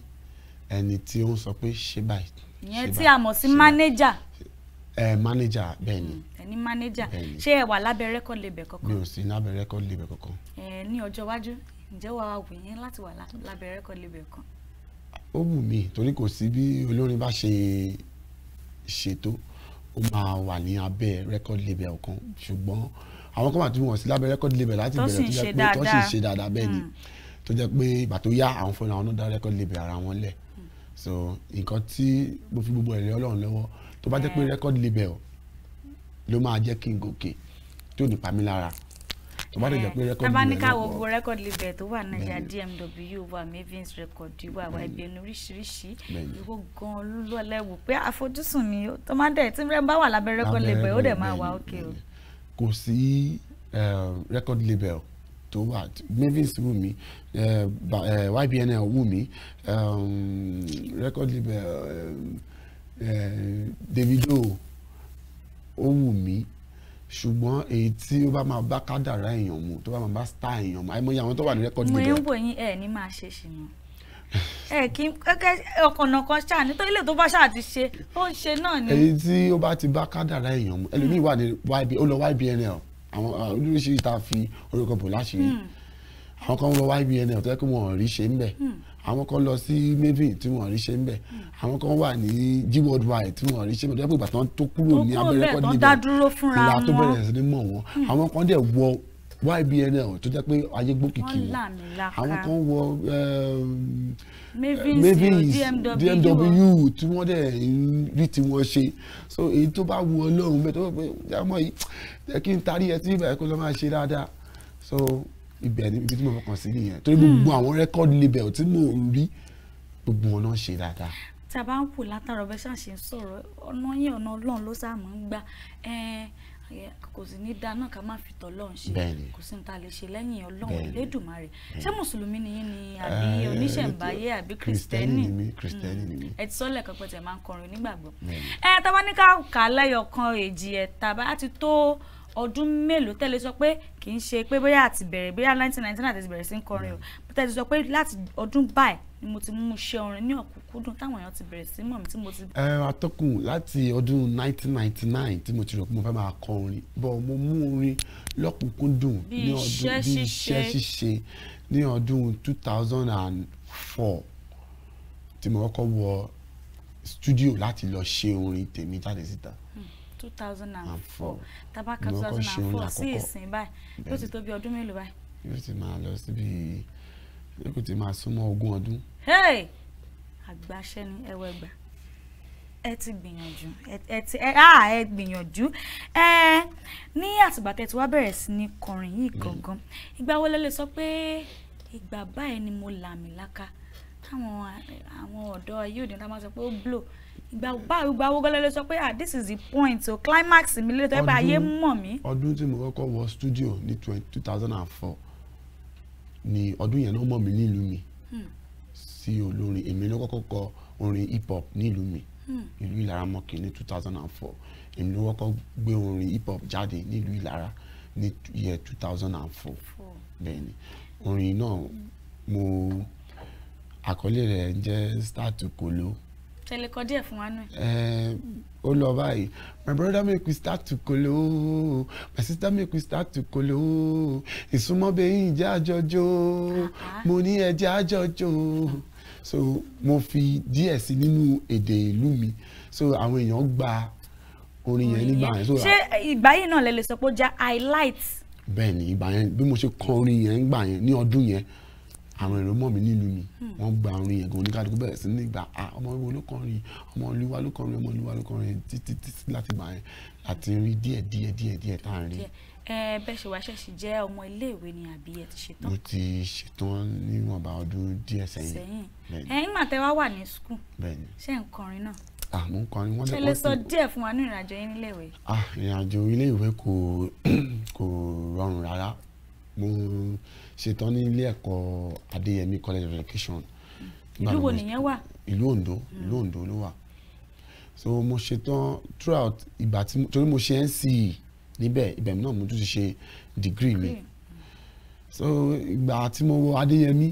Speaker 2: ẹni tí ó ń sọ pé ṣe báyìí.
Speaker 1: ìyẹn tí a mọ̀ sí mánéjà.
Speaker 2: ẹ mánéjà bẹ́ẹ̀ ni. Mm,
Speaker 1: ẹni mánéjà ṣé ẹ wà lábẹ́ record label kankan.
Speaker 2: mi ò sí lábẹ́ record label kankan.
Speaker 1: ẹ ní ọjọ́ iwájú ǹjẹ́ wàá wù yín láti wà lábẹ́ record label kan.
Speaker 2: ó wù mí torí kò sí bí olórin bá ṣe ṣètò ó máa wà ní abẹ́ record label kan ṣùgbọ́n àwọn kan tó jẹ́ pé ìgbà tó yá àwọn fúnra wọn náà dá record label ara wọn lẹ̀ so nǹkan tí mo fi gbogbo ẹ̀rẹ́ ọlọ́run lọ́wọ́ tó bá jẹ́ pé record label ló máa jẹ́ kí n gòkè tí ò ní pa mí lára tó bá dẹ̀ jẹ́ pé record label lọ́wọ́. tábánikà wo gbogbo
Speaker 1: record label tó wà nàìjíríà DMW wà Mavins record wà wà Ìbẹ̀nu oríṣiríṣi ìwọ gan-an ló lọ́lẹ̀ wò pé àfojúsùn mi tó máa dẹ̀ tí bá wà lábẹ́ record label ó dẹ̀ máa wà ókè o.
Speaker 2: kò sí eh, record label To what? mavis wù mí ybnl wù mí um, record label um, davido ó wù mí ṣùgbọ́n èyí tí ó bá máa bá kádàrá èèyàn mu tó bá máa bá star èèyàn mu àìmọye àwọn tó wà ní record label. mo ń
Speaker 1: wò yín ẹ ní máa ṣe ṣìnà ẹ kí kẹkẹ ọkànnà kan ṣáà nítorí ilé tó bá ṣáà ti ṣe ó ń ṣe náà ni. èyí
Speaker 2: tí ó bá ti bá kádàrá èèyàn mu ẹlòmíì wà ní yb ó lọ ybnl àwọn oríṣiríṣi tá a fi orúkọ bò láṣìírí hmm. àwọn kan lọ YBN ọ̀tọ́ kí wọ́n rí ṣe ń bẹ̀ hmm. àwọn kan lọ sí Mavin tí wọ́n rí ṣe ń bẹ̀ hmm. àwọn kan wà ní G Worldwide tí wọ́n rí ṣe ń bẹ̀ tó yẹ pé ìgbà tó kúrò ní abẹ́rẹ́ kọ́ níbẹ̀
Speaker 1: ìlà tó bẹ̀rẹ̀
Speaker 2: sí ní mọ̀ àwọn kan dẹ̀ wọ YBNL tó jẹ́ pé ayé gbókìkì
Speaker 1: wọn àwọn kan
Speaker 2: wọ ehm,
Speaker 1: Mavis DMW
Speaker 2: tí wọ́n dẹ̀ rí tí ṣe so èyí tó bá wu ọlọ́run bẹ́ẹ̀ tó bá pé ọmọ yìí jẹ́ kí n tarí ẹ tí ìbàyẹ̀kọ́ lọ́ máa ṣe dáadáa so ibẹ̀ ni ibi tí mo fọkàn sí nìyẹn torí hmm. gbogbo àwọn rẹ́kọ́dì label tí mò ń rí gbogbo wọn náà ṣe dáadáa
Speaker 1: tí a bá ń kù látàrọ bẹ ṣáà ṣe ọ̀nà yẹn ọ̀nà ọlọ́run ló sáà máa ń gbà kò sì ní dáná ká má fi tọ́lọ́run ṣe kò sí ní ta lè ṣe lẹ́yìn ọlọ́run Elédùmarè ṣé mùsùlùmí ni yín ni àbí oníṣẹ̀ǹbáyé àbí kìrìsìtẹ́nì mm. ẹ ti sọ́lẹ̀ kan pẹ̀tẹ̀ máa ń kọrin nígbàgbọ́ ẹ tábà ní ká kà á lẹ́yọ̀ kan èjì ẹ̀ tàbá ti tó ọdún mélòó tẹ́lẹ̀ sọ pé kì í ṣe pé bóyá àti bẹ̀rẹ̀ bóyá nineteen àti bẹ̀rẹ̀ sí ń kọrin o bẹ́tẹ̀ ti sọ pé láti ọdún báyìí ni mo ti mú iṣẹ́ orin ní ọ̀kúnkúndùn táwọn èèyàn ti bẹ̀rẹ̀ sí mọ̀ mi tí mo ti.
Speaker 2: ẹ atọ́kùn láti ọdún 1999 tí mo ti rò pé mo fẹ́ máa kọ orin bọ́ mo mú orin lọ́kùnkúndùn ní ọdún bí iṣẹ́ ṣíṣe ní ọdún 2004 tí mo kọ́kọ́ wọ studio láti lọ ṣe orin tèmi jáde síta.
Speaker 1: Hmm. 2004 tabaka 2004 sí ìsìn báyìí yóò ti tó bí ọdún mélòó báyìí.
Speaker 2: yóò ti máa lọ síbi yóò ti máa súnmọ́ ogún ọdún.
Speaker 1: àgbàṣe ni ẹwẹ́ gbà ẹ ti gbìyànjú ẹ ti ẹ á ẹ gbìyànjú ẹ ní àtìgbà tẹ́ ti wá bẹ̀rẹ̀ sí ní kọrin yìí hmm. gangan ìgbà wo lẹ lè sọ pé ìgbà báyìí ni mo làmìlaka táwọn àwọn ọ̀dọ́ yóò dín táwọn sọ pé ó blow ìgbà báyìí ìgbà wo gan sọ pé ah this is the point o climax mi lè tọ́ ẹ bá ayé mọ̀ mí.
Speaker 2: ọdún tí mo kọ́kọ́ wọ studio ní two thousand and four Ni ọdún yẹn náà mọ̀ mí nílùú mi hmm. sí olórin èmi ló kọ́kọ́ kọ orin hip hop nílùú mi hmm. ìlú ìlara mọ́kì ní two thousand and four èmi ló kọ́kọ́ gbé orin hip hop jáde nílùú ìlara ní year two thousand and four bẹ́ẹ̀ ni orin náà mo àkọlé rẹ̀ jẹ́ start to kolo. Mm
Speaker 1: tẹ̀lé kọ fún wa náà.
Speaker 2: ó lọ báyìí my brother make we start to kolo my sister make we start to kolo ìsúnmọ́ bẹ́yìn jẹ́ àjọjọ́ mo ní ẹ̀jẹ̀ àjọjọ́ so mo fi díẹ̀ sí nínú èdè ìlú mi so àwọn èèyàn gba orin yẹn nígbà yẹn. ṣé
Speaker 1: ìgbà yìí náà lè lè sọ pé ó já highlight.
Speaker 2: bẹ́ẹ̀ni ìgbà yẹn bí mo ṣe kọ orin yẹn ń gbà yẹn ní ọdún yẹn àwọn èrò mọ̀ mí nílùú mi hmm. wọ́n gba orin yẹn gan oníkàdúgbò bẹ̀rẹ̀ sí ní ìgbà ah ọmọ
Speaker 1: ìwé olókọrin
Speaker 2: ọmọ olúwa olókọrin ọmọ olúwa olókọrin títí títí láti gbà yẹn àti rí díẹ̀ díẹ̀ díẹ̀ díẹ̀ tá à ń rí.
Speaker 1: ẹ bẹ́ẹ̀ ṣe wàá ṣẹ̀ṣì jẹ́ ọmọ iléèwé ni àbí ẹ ti ṣetán. mo
Speaker 2: ti ṣetán níwọ̀nba ọdún díẹ̀ sẹ́yìn. sẹ́yìn ẹ
Speaker 1: ńgbà wá wà ní skul ṣé ń kọrin náà
Speaker 2: ah mo ń kọrin wọn lẹkọọ sí. ṣe lè sọ
Speaker 1: díẹ̀ fún wa ní ìrìnàjò yín níléèwé.
Speaker 2: ah ìrìnàjò iléèwé kò kò rọrùn rárá mo ṣetán ní ilé ẹ̀kọ́ Adéyẹmí college of education. ìlú wo nìyẹn wà. ìlú Ondo ìlú hmm. Ondo ló wà so mo ṣetán throughout ìgbà tí torí mo ṣe NCE níbẹ̀ ibẹ̀ náà mo tún ti ṣe degree mi so ìgbà tí mo wọ Adéyẹmí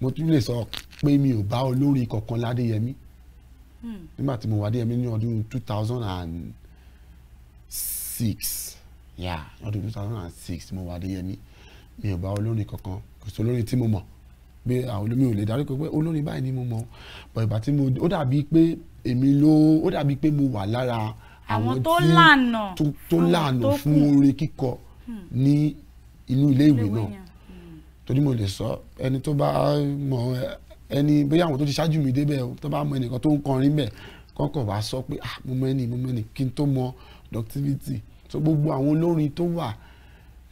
Speaker 2: mo tún lè sọ pé mi ò bá olórin kankan ládéyẹmí hmm. nígbà tí mo wà Adéyẹmí ní ọdún two thousand and six yeah ọdún two thousand and six mo wà Adéyẹmí. Mm mi ò bá olórin kankan kò sí olórin tí mo mọ̀ pé àwọn olómi ò lè darí pé olórin báyìí ni mo mọ̀ but ìgbà tí mo ó dàbí pé èmi ló ó dàbí pé mo wà lára àwọn tó lànà tó lànà fún orin kíkọ hmm. ní inú ilé ìwé náà hmm. torí mo lè sọ ẹni tó bá mọ̀ ẹni bóyá àwọn tó ti ṣáájú mi débẹ̀ tó bá mọ̀ ẹnìkan tó ń kọrin bẹ̀ kọ́kọ́ wá sọ pé ah mo mọ̀ ẹni mo mọ̀ ẹni kí n tó mọ̀ productivity so gbogbo àwọn olórin tó wà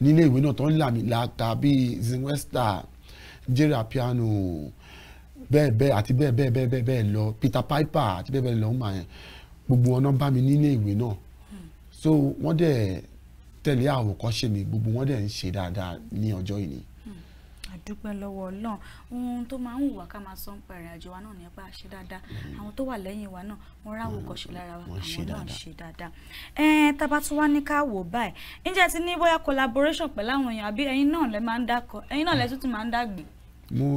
Speaker 2: nílé ìwé náà tó ń làmìlaka bíi zinwester jerry piano bẹ́ẹ̀ bẹ́ẹ̀ àti bẹ́ẹ̀ bẹ́ẹ̀ bẹ́ẹ̀ bẹ́ẹ̀ bẹ́ẹ̀ lọ peter piper àti bẹ́ẹ̀ bẹ́ẹ̀ lọ ń mà yẹn gbogbo wọn náà bá mi nílé ìwé náà so wọ́n dẹ̀ tẹ̀lé àwòkọ́ṣe mi gbogbo wọn dẹ̀ ń ṣe dáadáa ní ọjọ́ ìní
Speaker 1: àdúpẹ́ lọ́wọ́ ọlọ́run ohun tó máa ń wù wá ká máa sọ ń pa ìrìn àjò wa náà nípa àṣẹ dáadáa àwọn tó wà lẹ́yìn wa náà wọ́n ráwò kọ̀ṣe lára wa àwọn náà ṣe dáadáa. ẹ tábà tún wá ní ká wò báyìí ǹjẹ́ ti ní bóyá collaboration pẹ̀lú àwọn èèyàn àbí ẹ̀yin náà lẹ máa ń dákọ ẹ̀yin náà lẹ tún ti máa ń dàgbé.
Speaker 2: mo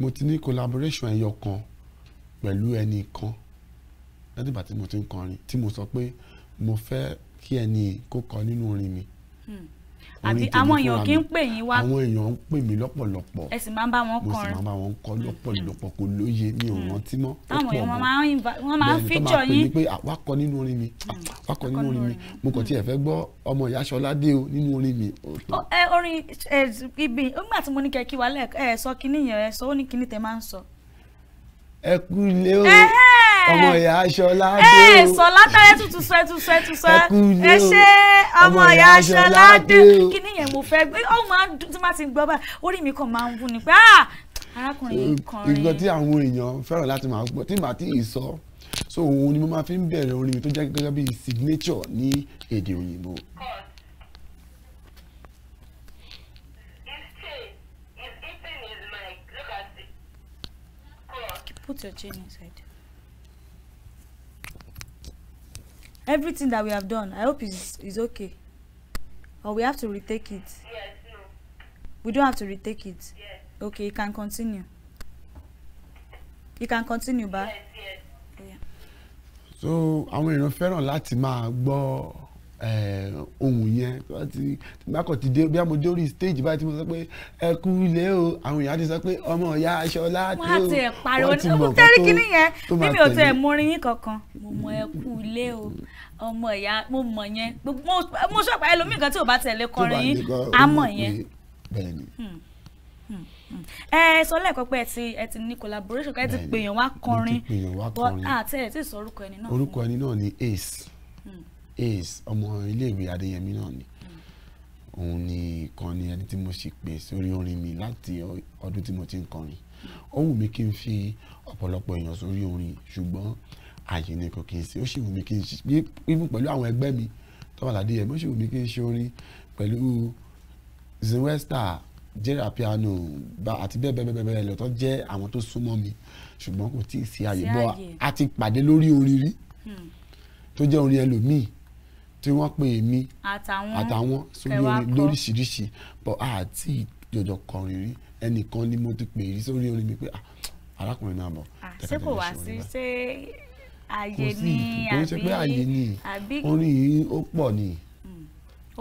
Speaker 2: mo ti ní collaboration ẹyọ kan pẹ̀lú ẹnì kan látìgbà tí mo ti ń kọrin tí mo sọ pé mo fẹ́ kí ẹni kó kọ nínú orin mi.
Speaker 1: Hmm àbí àwọn èèyàn kì í pè yín wá. àwọn
Speaker 2: èèyàn ń pè mí lọ́pọ̀lọpọ̀. ẹ sì
Speaker 1: máa ń bá wọn kọrin. mo sì máa ń
Speaker 2: bá wọn kọ lọ́pọ̀lọpọ̀ kò lóye mi ò hmm. rántí mọ́. táwọn èèyàn máa
Speaker 1: ń wọ́n máa ń fíjọ yín. bẹ́ẹ̀ni tó máa pè mí
Speaker 2: pé ah, wá kọ nínú orin mi ah, hmm, wá kọ nínú orin mi mo kàn tiẹ̀ fẹ́ gbọ́ ọmọ ìyá Ṣọládé o nínú orin mi.
Speaker 1: ẹ orin ibi nígbà tí mo ní kẹ́ kí wa lẹ́ẹ̀kọ́ ẹ sọ kinní yẹn ẹ sọ ó ní kinní tẹ máa ń sọ.
Speaker 2: ẹ kú ilé o. ẹ ẹ ọmọ ìyá aṣọlá dé o ẹ sọ
Speaker 1: látàrí tuntun sọ ẹ tún sọ ẹ tún sọ ẹ ṣe ọmọ ìyá aṣọlá dé o kí nìyẹn mo fẹ́ gbé ó máa ń dùn tí má ti gbọ́ báyìí orí mi kàn máa ń wú ni pé ah! arákùnrin kan rí. nǹkan
Speaker 2: tí àwọn èèyàn fẹ́ràn láti máa gbọ́ tí màá tí ì sọ so òun ni mo máa fi ń bẹ̀rẹ̀ orin mi tó jẹ́ gẹ́gẹ́ bí signature ní èdè òyìnbó.
Speaker 1: Put your chain inside. everything that we have done i hope is is okay or we have to retake it yes no we don't have to retake it yes okay you can continue you can continue ba. Yes, yes. Yeah.
Speaker 2: so àwọn èèyàn fẹ́ràn láti máa gbọ́ Eh, ohun yẹn tí bákan ti dé bí a mo dé orí stage báyìí tí mo sọ pé ẹ kú ilé o àwọn èèyàn ti sọ pé ọmọ ìyá aṣọ láti o wọ́n ti pariwo ní ọkùnrin tẹ́rí kínní yẹn níbi òtún ẹ̀ mú
Speaker 1: orin yín kankan mo mọ ẹ kú ilé o ọmọ ìyá mo mọ yẹn mo ṣọ̀pá ẹlòmíì kan tí ò bá tẹ̀lé kọrin yín á mọ̀ yẹn hmm, hmm, hmm. ẹ sọ lẹ́ẹ̀kan pé ẹ ti ní collaboration ẹ ti pèèyàn wá kọrin but àtẹ̀ ẹ ti sọ orúkọ ẹni náà. orúkọ ẹni
Speaker 2: náà ni Ace ace ọmọ iléèwé adéyẹmí náà ni òun ni ìkànnì ẹni tí mo sì pè sórí orin mi láti ọdún tí mo ti ń kọrin ó wù mí kí n fi ọ̀pọ̀lọpọ̀ èèyàn sórí orin ṣùgbọ́n àyè ni kò kí n ṣe ó sì wù mí kí n ṣe even pẹ̀lú àwọn ẹgbẹ́ mi tọ́wọ́ ládé yẹn ó sì wù mí kí n ṣe orin pẹ̀lú zinwesta jẹ́rà piano àti bẹ́ẹ̀ bẹ́ẹ̀ bẹ́ẹ̀ lọ tó jẹ́ àwọn tó súnmọ́ mi ṣùgbọ́n kò tí ì sí àyè bọ́ a ti pàdé lórí orin rí hmm. tó jẹ́ orin ẹlòmíì tí wọ́n pè mí
Speaker 1: àtàwọn sórí orin
Speaker 2: lóríṣiríṣi but àti ìjọjọ kọrin rí ẹnìkan ni mo ti pè rí sórí orin mi pé ah, arákùnrin náà bọ̀. Ah, ṣé kò wá sí
Speaker 1: ṣé àyè ni
Speaker 2: àbí orin yìí ó pọ̀ ni hmm,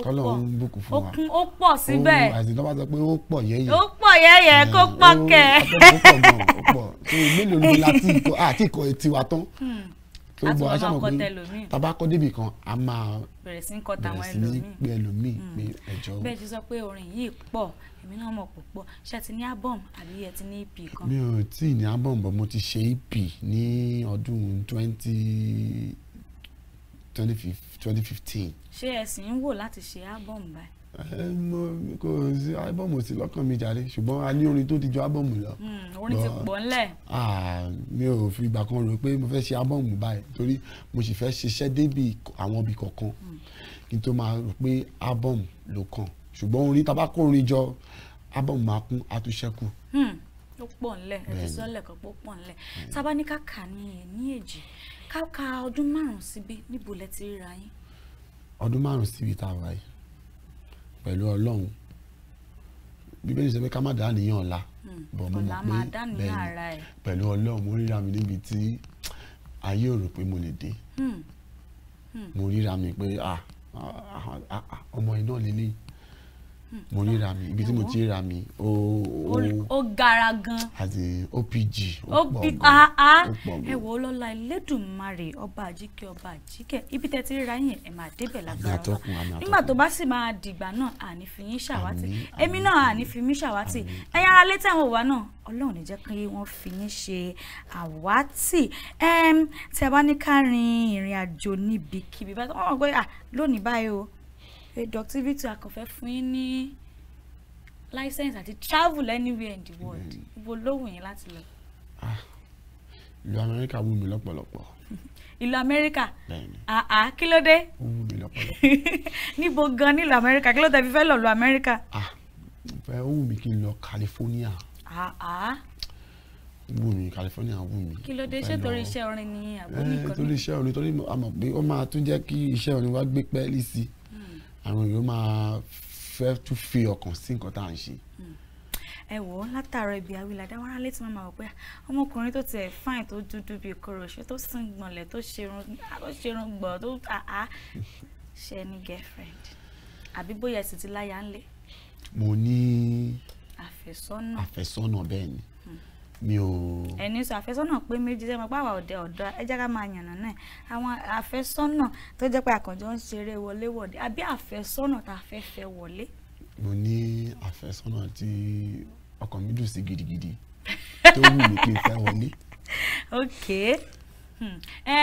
Speaker 2: kọlọ́run bùkún fún wa ó pọ̀ síbẹ̀ àti tó bá sọ pé ó pọ̀ yẹ́yẹ́ ó
Speaker 1: pọ̀ yẹ́yẹ́ kó eh, pọ̀ kẹ́
Speaker 2: ó pọ̀ gan ó pọ̀ so mélòó ni láti àti ìkọ̀ tiwa tán
Speaker 1: hmm tó gbọ́ aṣá mọ̀ pé tàbá
Speaker 2: kọ́ débì kan a máa
Speaker 1: bẹ̀rẹ̀ sí ní kọ́ tàwọn ẹlòmíì hmm. pé ẹjọ́. bẹ́ẹ̀ ti sọ pé orin yìí pọ̀ èmi náà mọ̀ púpọ̀ ṣé ti ní album àbí ẹ ti ní ep kan. mi ò
Speaker 2: tí ì ní album bọ̀ mo ti ṣe ep ní ọdún twenty twenty fifteen.
Speaker 1: ṣé ẹ sì ń wò láti ṣe album báyìí
Speaker 2: kò sí ábọ̀mù sí lọ́kàn mi jàre ṣùgbọ́n a ní orin tó ti jọ ábọ̀mù lọ. Hmm, orin ti pọ̀ ńlẹ̀. mi ò fi ìgbà kan rò pé mo fẹ́ ṣe ábọ̀mù báyìí torí mo sì fẹ́ ṣiṣẹ́ débi àwọn ibì kọ̀ọ̀kan hmm. kí n tó máa rò pé ábọ̀mù ló kàn ṣùgbọ́n orin tá bá kó orin jọ ábọ̀mù máa kún àtúnṣẹ́kù
Speaker 1: hmm, ó pọ̀ ńlẹ̀ ẹ̀sìn sọ́lẹ̀ kan pọ̀ pọ̀ ńlẹ̀ sábà ní kàkà ní ẹ̀ ní èjì káka ọdún márùn-ún síbi níbo lẹ ti ríra yín.
Speaker 2: ọdún pẹ̀lú ọlọ́run bíbélì ni pé ká má dá níyàn ọ̀la
Speaker 1: hmm. bọ̀ mo mọ̀ pé bẹ́ẹ̀
Speaker 2: pẹ̀lú ọlọ́run mo ríra mi níbi tí ayé ò rò pé mo lè dé hmm. Hmm. mo ríra mi pé ah, ah, ah, ọmọ iná lélẹ́yìí
Speaker 1: mo ríra mi ibi tí mo ti
Speaker 2: ríra mi o o o
Speaker 1: gara gan
Speaker 2: àti opg ó pọ̀ gan ah, ah. ó pọ̀ gan ẹ wò
Speaker 1: ó lọ́la Elédùmarè ọba àjíkẹ́ ọba àjíkẹ́ ibi tẹ́ ti ríra yẹn ẹ máa débẹ̀ lágbára wa nígbà tó bá sì máa dìgbà náà àní fi yín ṣàwátì èmi náà àní fi mí ṣàwátì ẹ̀yin ara létí àwọn òwà náà ọlọ́run ní jẹ́ kí wọ́n fi yín ṣe àwátì tí ní ká rin ìrìn àjò níbikíbi bá tó wọ́n mọ̀ pé lónìí báyìí o reductivity akànfẹ́ fún yín ní license àti travel anywhere in the world mm-hmm. ibo lóhùn yín láti lọ. Ah,
Speaker 2: ìlú amẹ́ríkà wù mí lọ́pọ̀lọpọ̀.
Speaker 1: ìlú amẹ́ríkà àá kí ló dé. ó wù mí lọ́pọ̀lọpọ̀. níbo gan nílùú amẹ́ríkà kí ló tẹ̀ fi fẹ́ lọ lu amẹ́ríkà. Ah,
Speaker 2: fẹ́ ó wù mí kí n lọ California.
Speaker 1: àá
Speaker 2: wù mí California wù mí. kí ló dé ṣé torí
Speaker 1: iṣẹ́ orin ni àbúrò nìkan ni. Eh, torí iṣẹ́
Speaker 2: orin torí àmọ̀ pé ó máa tún jẹ́ kí iṣẹ́ orin wa gbé pẹ́ẹ́lí sí i àwọn èèyàn máa fẹ́ tún fi ọkàn sí nǹkan tá à ń ṣe.
Speaker 1: ẹ wò ó látàárọ̀ ibi awilada wọn alẹ́ tí wọ́n máa wọ̀ pé ọmọkùnrin tó tiẹ̀ fáìn tó dúdú bíi kòròṣe tó sìn gbọ̀nlẹ̀ tó ṣerun gbọ̀ ah, tó àá ṣe ah, ah. ní girlfriend àbí bóyá ẹ sì ti láyà ńlẹ̀.
Speaker 2: mo ní àfẹ́sọ́nà bẹ́ẹ̀ ni mi ò.
Speaker 1: ẹni sọ àfẹ́sọ́nà pé méjì sẹ́mi pàwọ̀ ọ̀dẹ ọ̀dọ́ ẹ jẹ́ ká máa yànnà náà àwọn àfẹ́sọ́nà tó jẹ́ pé àkànjọ ń ṣeré wọléwọ̀de àbí àfẹ́sọ́nà tá a fẹ́ fẹ́ wọlé.
Speaker 2: mo ní àfẹ́sọ́nà tí ọkàn mi dùn sí gidigidi tó wù mí pé fẹ́ wọlé.
Speaker 1: ok hmm. ẹ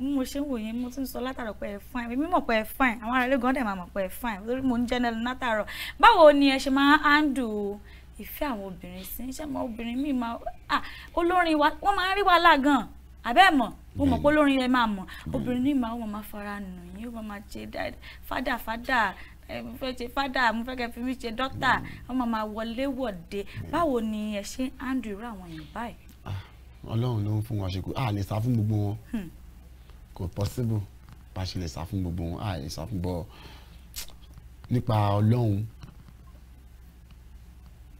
Speaker 1: mo ṣe ń wò yín mo ti ń sọ látàrọ pé ẹ fine èmi mọ̀ pé ẹ fine àwọn ará ilé gan dẹ̀ máa mọ̀ pé ẹ fine torí mo ń jẹ́ náà látàrọ báwo ni ẹ ṣe máa ń handle ìfẹ́ àwọn obìnrin sí ṣé àwọn obìnrin míì máa ah olórin wa wọ́n máa ń rí wàhálà gan-an àbẹ́ mọ̀ mo mọ̀ pé olórin yẹn máa mọ̀ obìnrin míì máa wọ́n máa fara nù yín wọ́n máa ṣe fádà fádà mo fẹ́ ṣe fádà mo fẹ́ kẹ́ fi mí ṣe dókítà wọ́n máa wọlé wọ̀de báwo ni ẹ ṣe ń handle irú àwọn èèyàn báyìí. Ah,
Speaker 2: ọlọ́run ló ń fún wọn àṣekù a lè sá fún gbogbo wọn hmm. kò possible bá a ṣe lè sá fún gbogbo wọn a lè sá fún gbogbo nípa ọlọ́run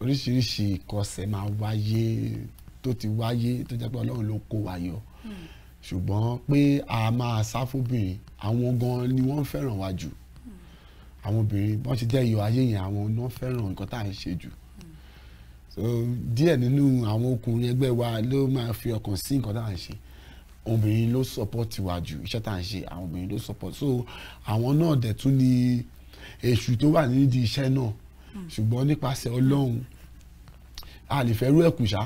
Speaker 2: oríṣiríṣi ìkọsẹ̀ máa wáyé tó ti wáyé tó jẹ́ pé ọlọ́run ló kó wa yọ ṣùgbọ́n pé a máa sá fóbìnrin àwọn gan ni wọ́n fẹ́ràn wa jù àwọn obìnrin wọ́n ti jẹ́ iyọ̀ ayé yẹn àwọn náà fẹ́ràn nǹkan tá à ń ṣe jù so díẹ̀ nínú àwọn ọkùnrin ẹgbẹ́ wa ló máa fi ọkàn sí nǹkan tá à ń ṣe obìnrin ló support wa jù iṣẹ́ tá à ń ṣe àwọn obìnrin ló support so àwọn náà dẹ̀ tún ni èṣù tó wà nídìí iṣẹ́ náà ṣùgbọ́n nípasẹ̀ ọlọ́run a lè fẹ́ rú ẹ̀kú ṣá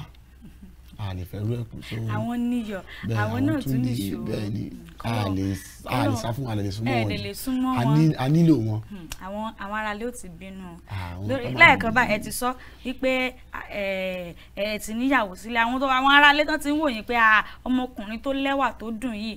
Speaker 2: a lè fẹ́ rú ẹ̀kú. àwọn
Speaker 1: níyọ àwọn náà tún níṣòro bẹ́ẹ̀
Speaker 2: a lè a lè sá fún a lè súnmọ́ wọn a nílò
Speaker 1: wọn. Hmm, àwọn àwọn aráalé ò ti bínú lórí lẹ́ẹ̀kan báyìí ẹ ti sọ wípé ẹ ti níyàwó sílé àwọn tó àwọn aráalé tán ti ń wòye pé ọmọkùnrin tó lẹ́wà tó dùn yìí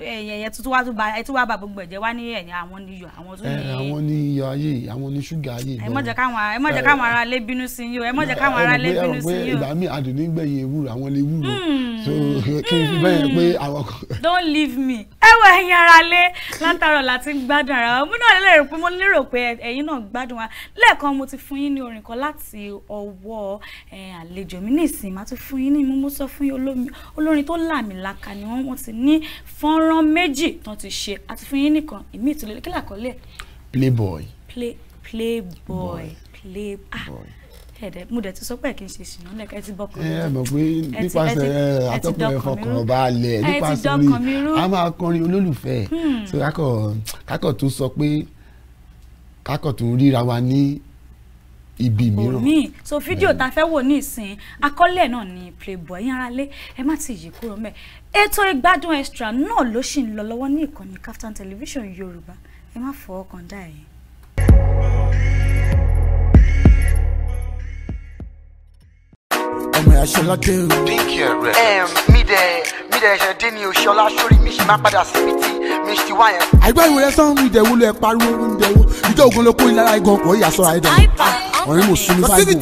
Speaker 1: ẹ̀yẹ tuntun wá tó ba ẹ tún wá ba gbogbo ẹ̀jẹ̀ wá ní ẹ̀yìn àwọn ni iyọ̀ àwọn tó ní. àwọn
Speaker 2: ni iyọ̀ ayé àwọn ni ṣúgà ayé. ẹ má jẹ́ káwọn ẹ má jẹ́ káwọn
Speaker 1: aráalé bínú sí yín o ẹ má jẹ́ káwọn aráalé bínú sí yín o. ìgbà
Speaker 2: mi àdùnní gbẹ̀yìn ewúro àwọn lè wúro hmm, so hmm, kí n fi bẹ́ẹ̀ pé àwọn.
Speaker 1: don't leave believe me ẹ wọ ẹ̀yin ara lé látàárọ̀ láti gbádùn ara wa mo náà lérò pé mo lérò pé ẹ̀yin náà gbádùn wa lẹ́ẹ̀kan mo ti fún yín ní orin kan láti ọwọ́ àlejò mi ní ìsìn máa tún fún yín ní mú mo sọ fún yín olórin tó làmìlaka ni wọ́n wọ́n ti ní fọ́nrán méjì tán ti ṣe àti fún yín nìkan ìmí ìtòlélẹ́kẹ́lá kọ́lẹ̀. playboy. play playboy ẹ̀dẹ̀ mo dẹ̀ ti sọ pé kì í ṣe ṣìnà lẹ́kẹ́ ti bọ́ kàn ẹ mọ̀ pé nípasẹ̀ atọ́kùn ẹ̀ fọkàn
Speaker 2: balẹ̀ nípasẹ̀ orin a máa kọrin olólùfẹ́ hmm. so kákọ̀ tún sọ pé kákọ̀ tún ríra wa ní ibi mìíràn. omi
Speaker 1: so fídíò ta fẹ́ wò ní ìsìn akọ́lẹ̀ náà ni playboy yín aráalé ẹ má ti yí kúrò mẹ́ ètò ìgbádùn extra náà ló ṣì ń lọ lọ́wọ́ ní ìkànnì Kaftan television yorùbá ẹ má fọwọ́ kàn dá ẹ̀yìn.
Speaker 2: mọ̀ ẹ́ ṣọlá dé o. mi dẹ̀ mi dẹ̀ ṣe dín ní oṣọlá sórí mi ṣì máa padà síbi tí mi ṣì wá yẹn. àìgbá ìwé lẹ́sán mi dẹ̀ wúlò ẹ̀ pariwo mi dẹ̀ wú ìjọ ògùn ló kó ìlara igan kò yà sọ́ra ẹ̀dá ọ̀rẹ́ mo sunu báyìí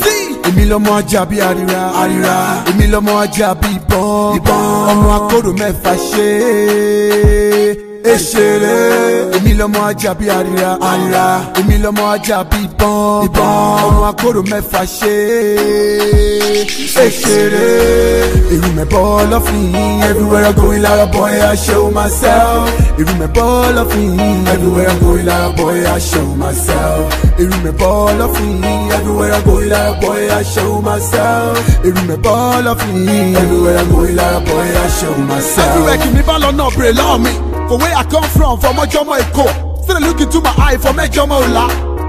Speaker 2: èmi lọmọ ajá bí arira arira èmi lọmọ ajá bí ìbọn ìbọn ọmọ akóró mẹ́fà ṣe é. Èṣèré. Èmi lọmọ ajá bíi àríra. Àríra. Èmi lọmọ ajá bíi ìbọn. Ìbọn. Ọmọ akóró mẹ́fà ṣe. Èṣèré. Ìrùmẹ̀ bọ́ lọ́fìn. Everywhere I go in lára boy I show myself. Ìrùmẹ̀ bọ́ lọ́fìn. Everywhere I go in lára boy I show myself. Ìrùmẹ̀ bọ́ lọ́fìn. Everywhere I go in lára boy I show myself. Ìrùmẹ̀ bọ́ lọ́fìn. Everywhere I go in lára boy I show myself. Everywhere kì mí bá lọ náà bèrè lọ́ọ̀ mi. For where I come from, from Ojomo Eko. Still look into my eye from Ojomo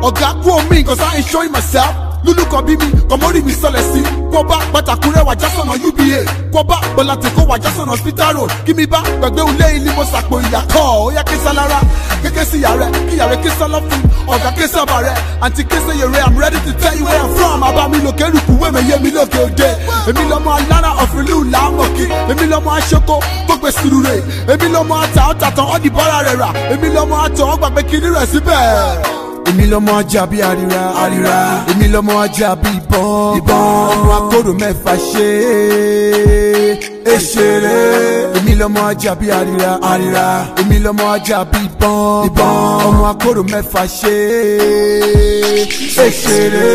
Speaker 2: God, who quote me, cause I ain't showing myself. lulu kan bí mi kọ̀mọ́rì mi sọlẹ̀ sí. kọ́bá pàtàkùrẹ́ wàjá sọ̀nà uba kọ́bá bọ̀làtẹ̀kọ́ wàjá sọ̀nà hospital road kí mi bá gbẹ̀gbẹ́ ilé ilé mo sàpò ìyà kọ́ ó yá ké sálára kéké sí yàrá kí yàrá ké sálọ́fin ọ̀gá ké sábà rẹ̀ àǹtí ké sẹ́yẹ̀ rẹ̀ I'm ready to tell you where I'm from àbá mi lòkè rùkú wé mi yé mi lòkè òde èmi lọ́mọ alára ọ̀fìnlú làámọ̀kì èmi lọ́mọ aṣọ́kó gbogbo sùúrù èmi lọ́mọ ata ọ̀tàtàn ọ̀dìbọ́ra rẹ̀ rà èmi lọ́mọ àtọ̀ ọ̀gbàgbé kiri rẹ̀ síbẹ̀ èmi lọ́mọ ajá bí àríra àríra èmi lọ́mọ ajá bí ìbọn ìbọn ọmọ akóró mẹ́fà ṣe èṣèré èmi lọ́mọ ajá bí àríra àríra èmi lọ́mọ ajá bí ìbọn ìbọn ọmọ akóró mẹ́fà ṣe èṣèré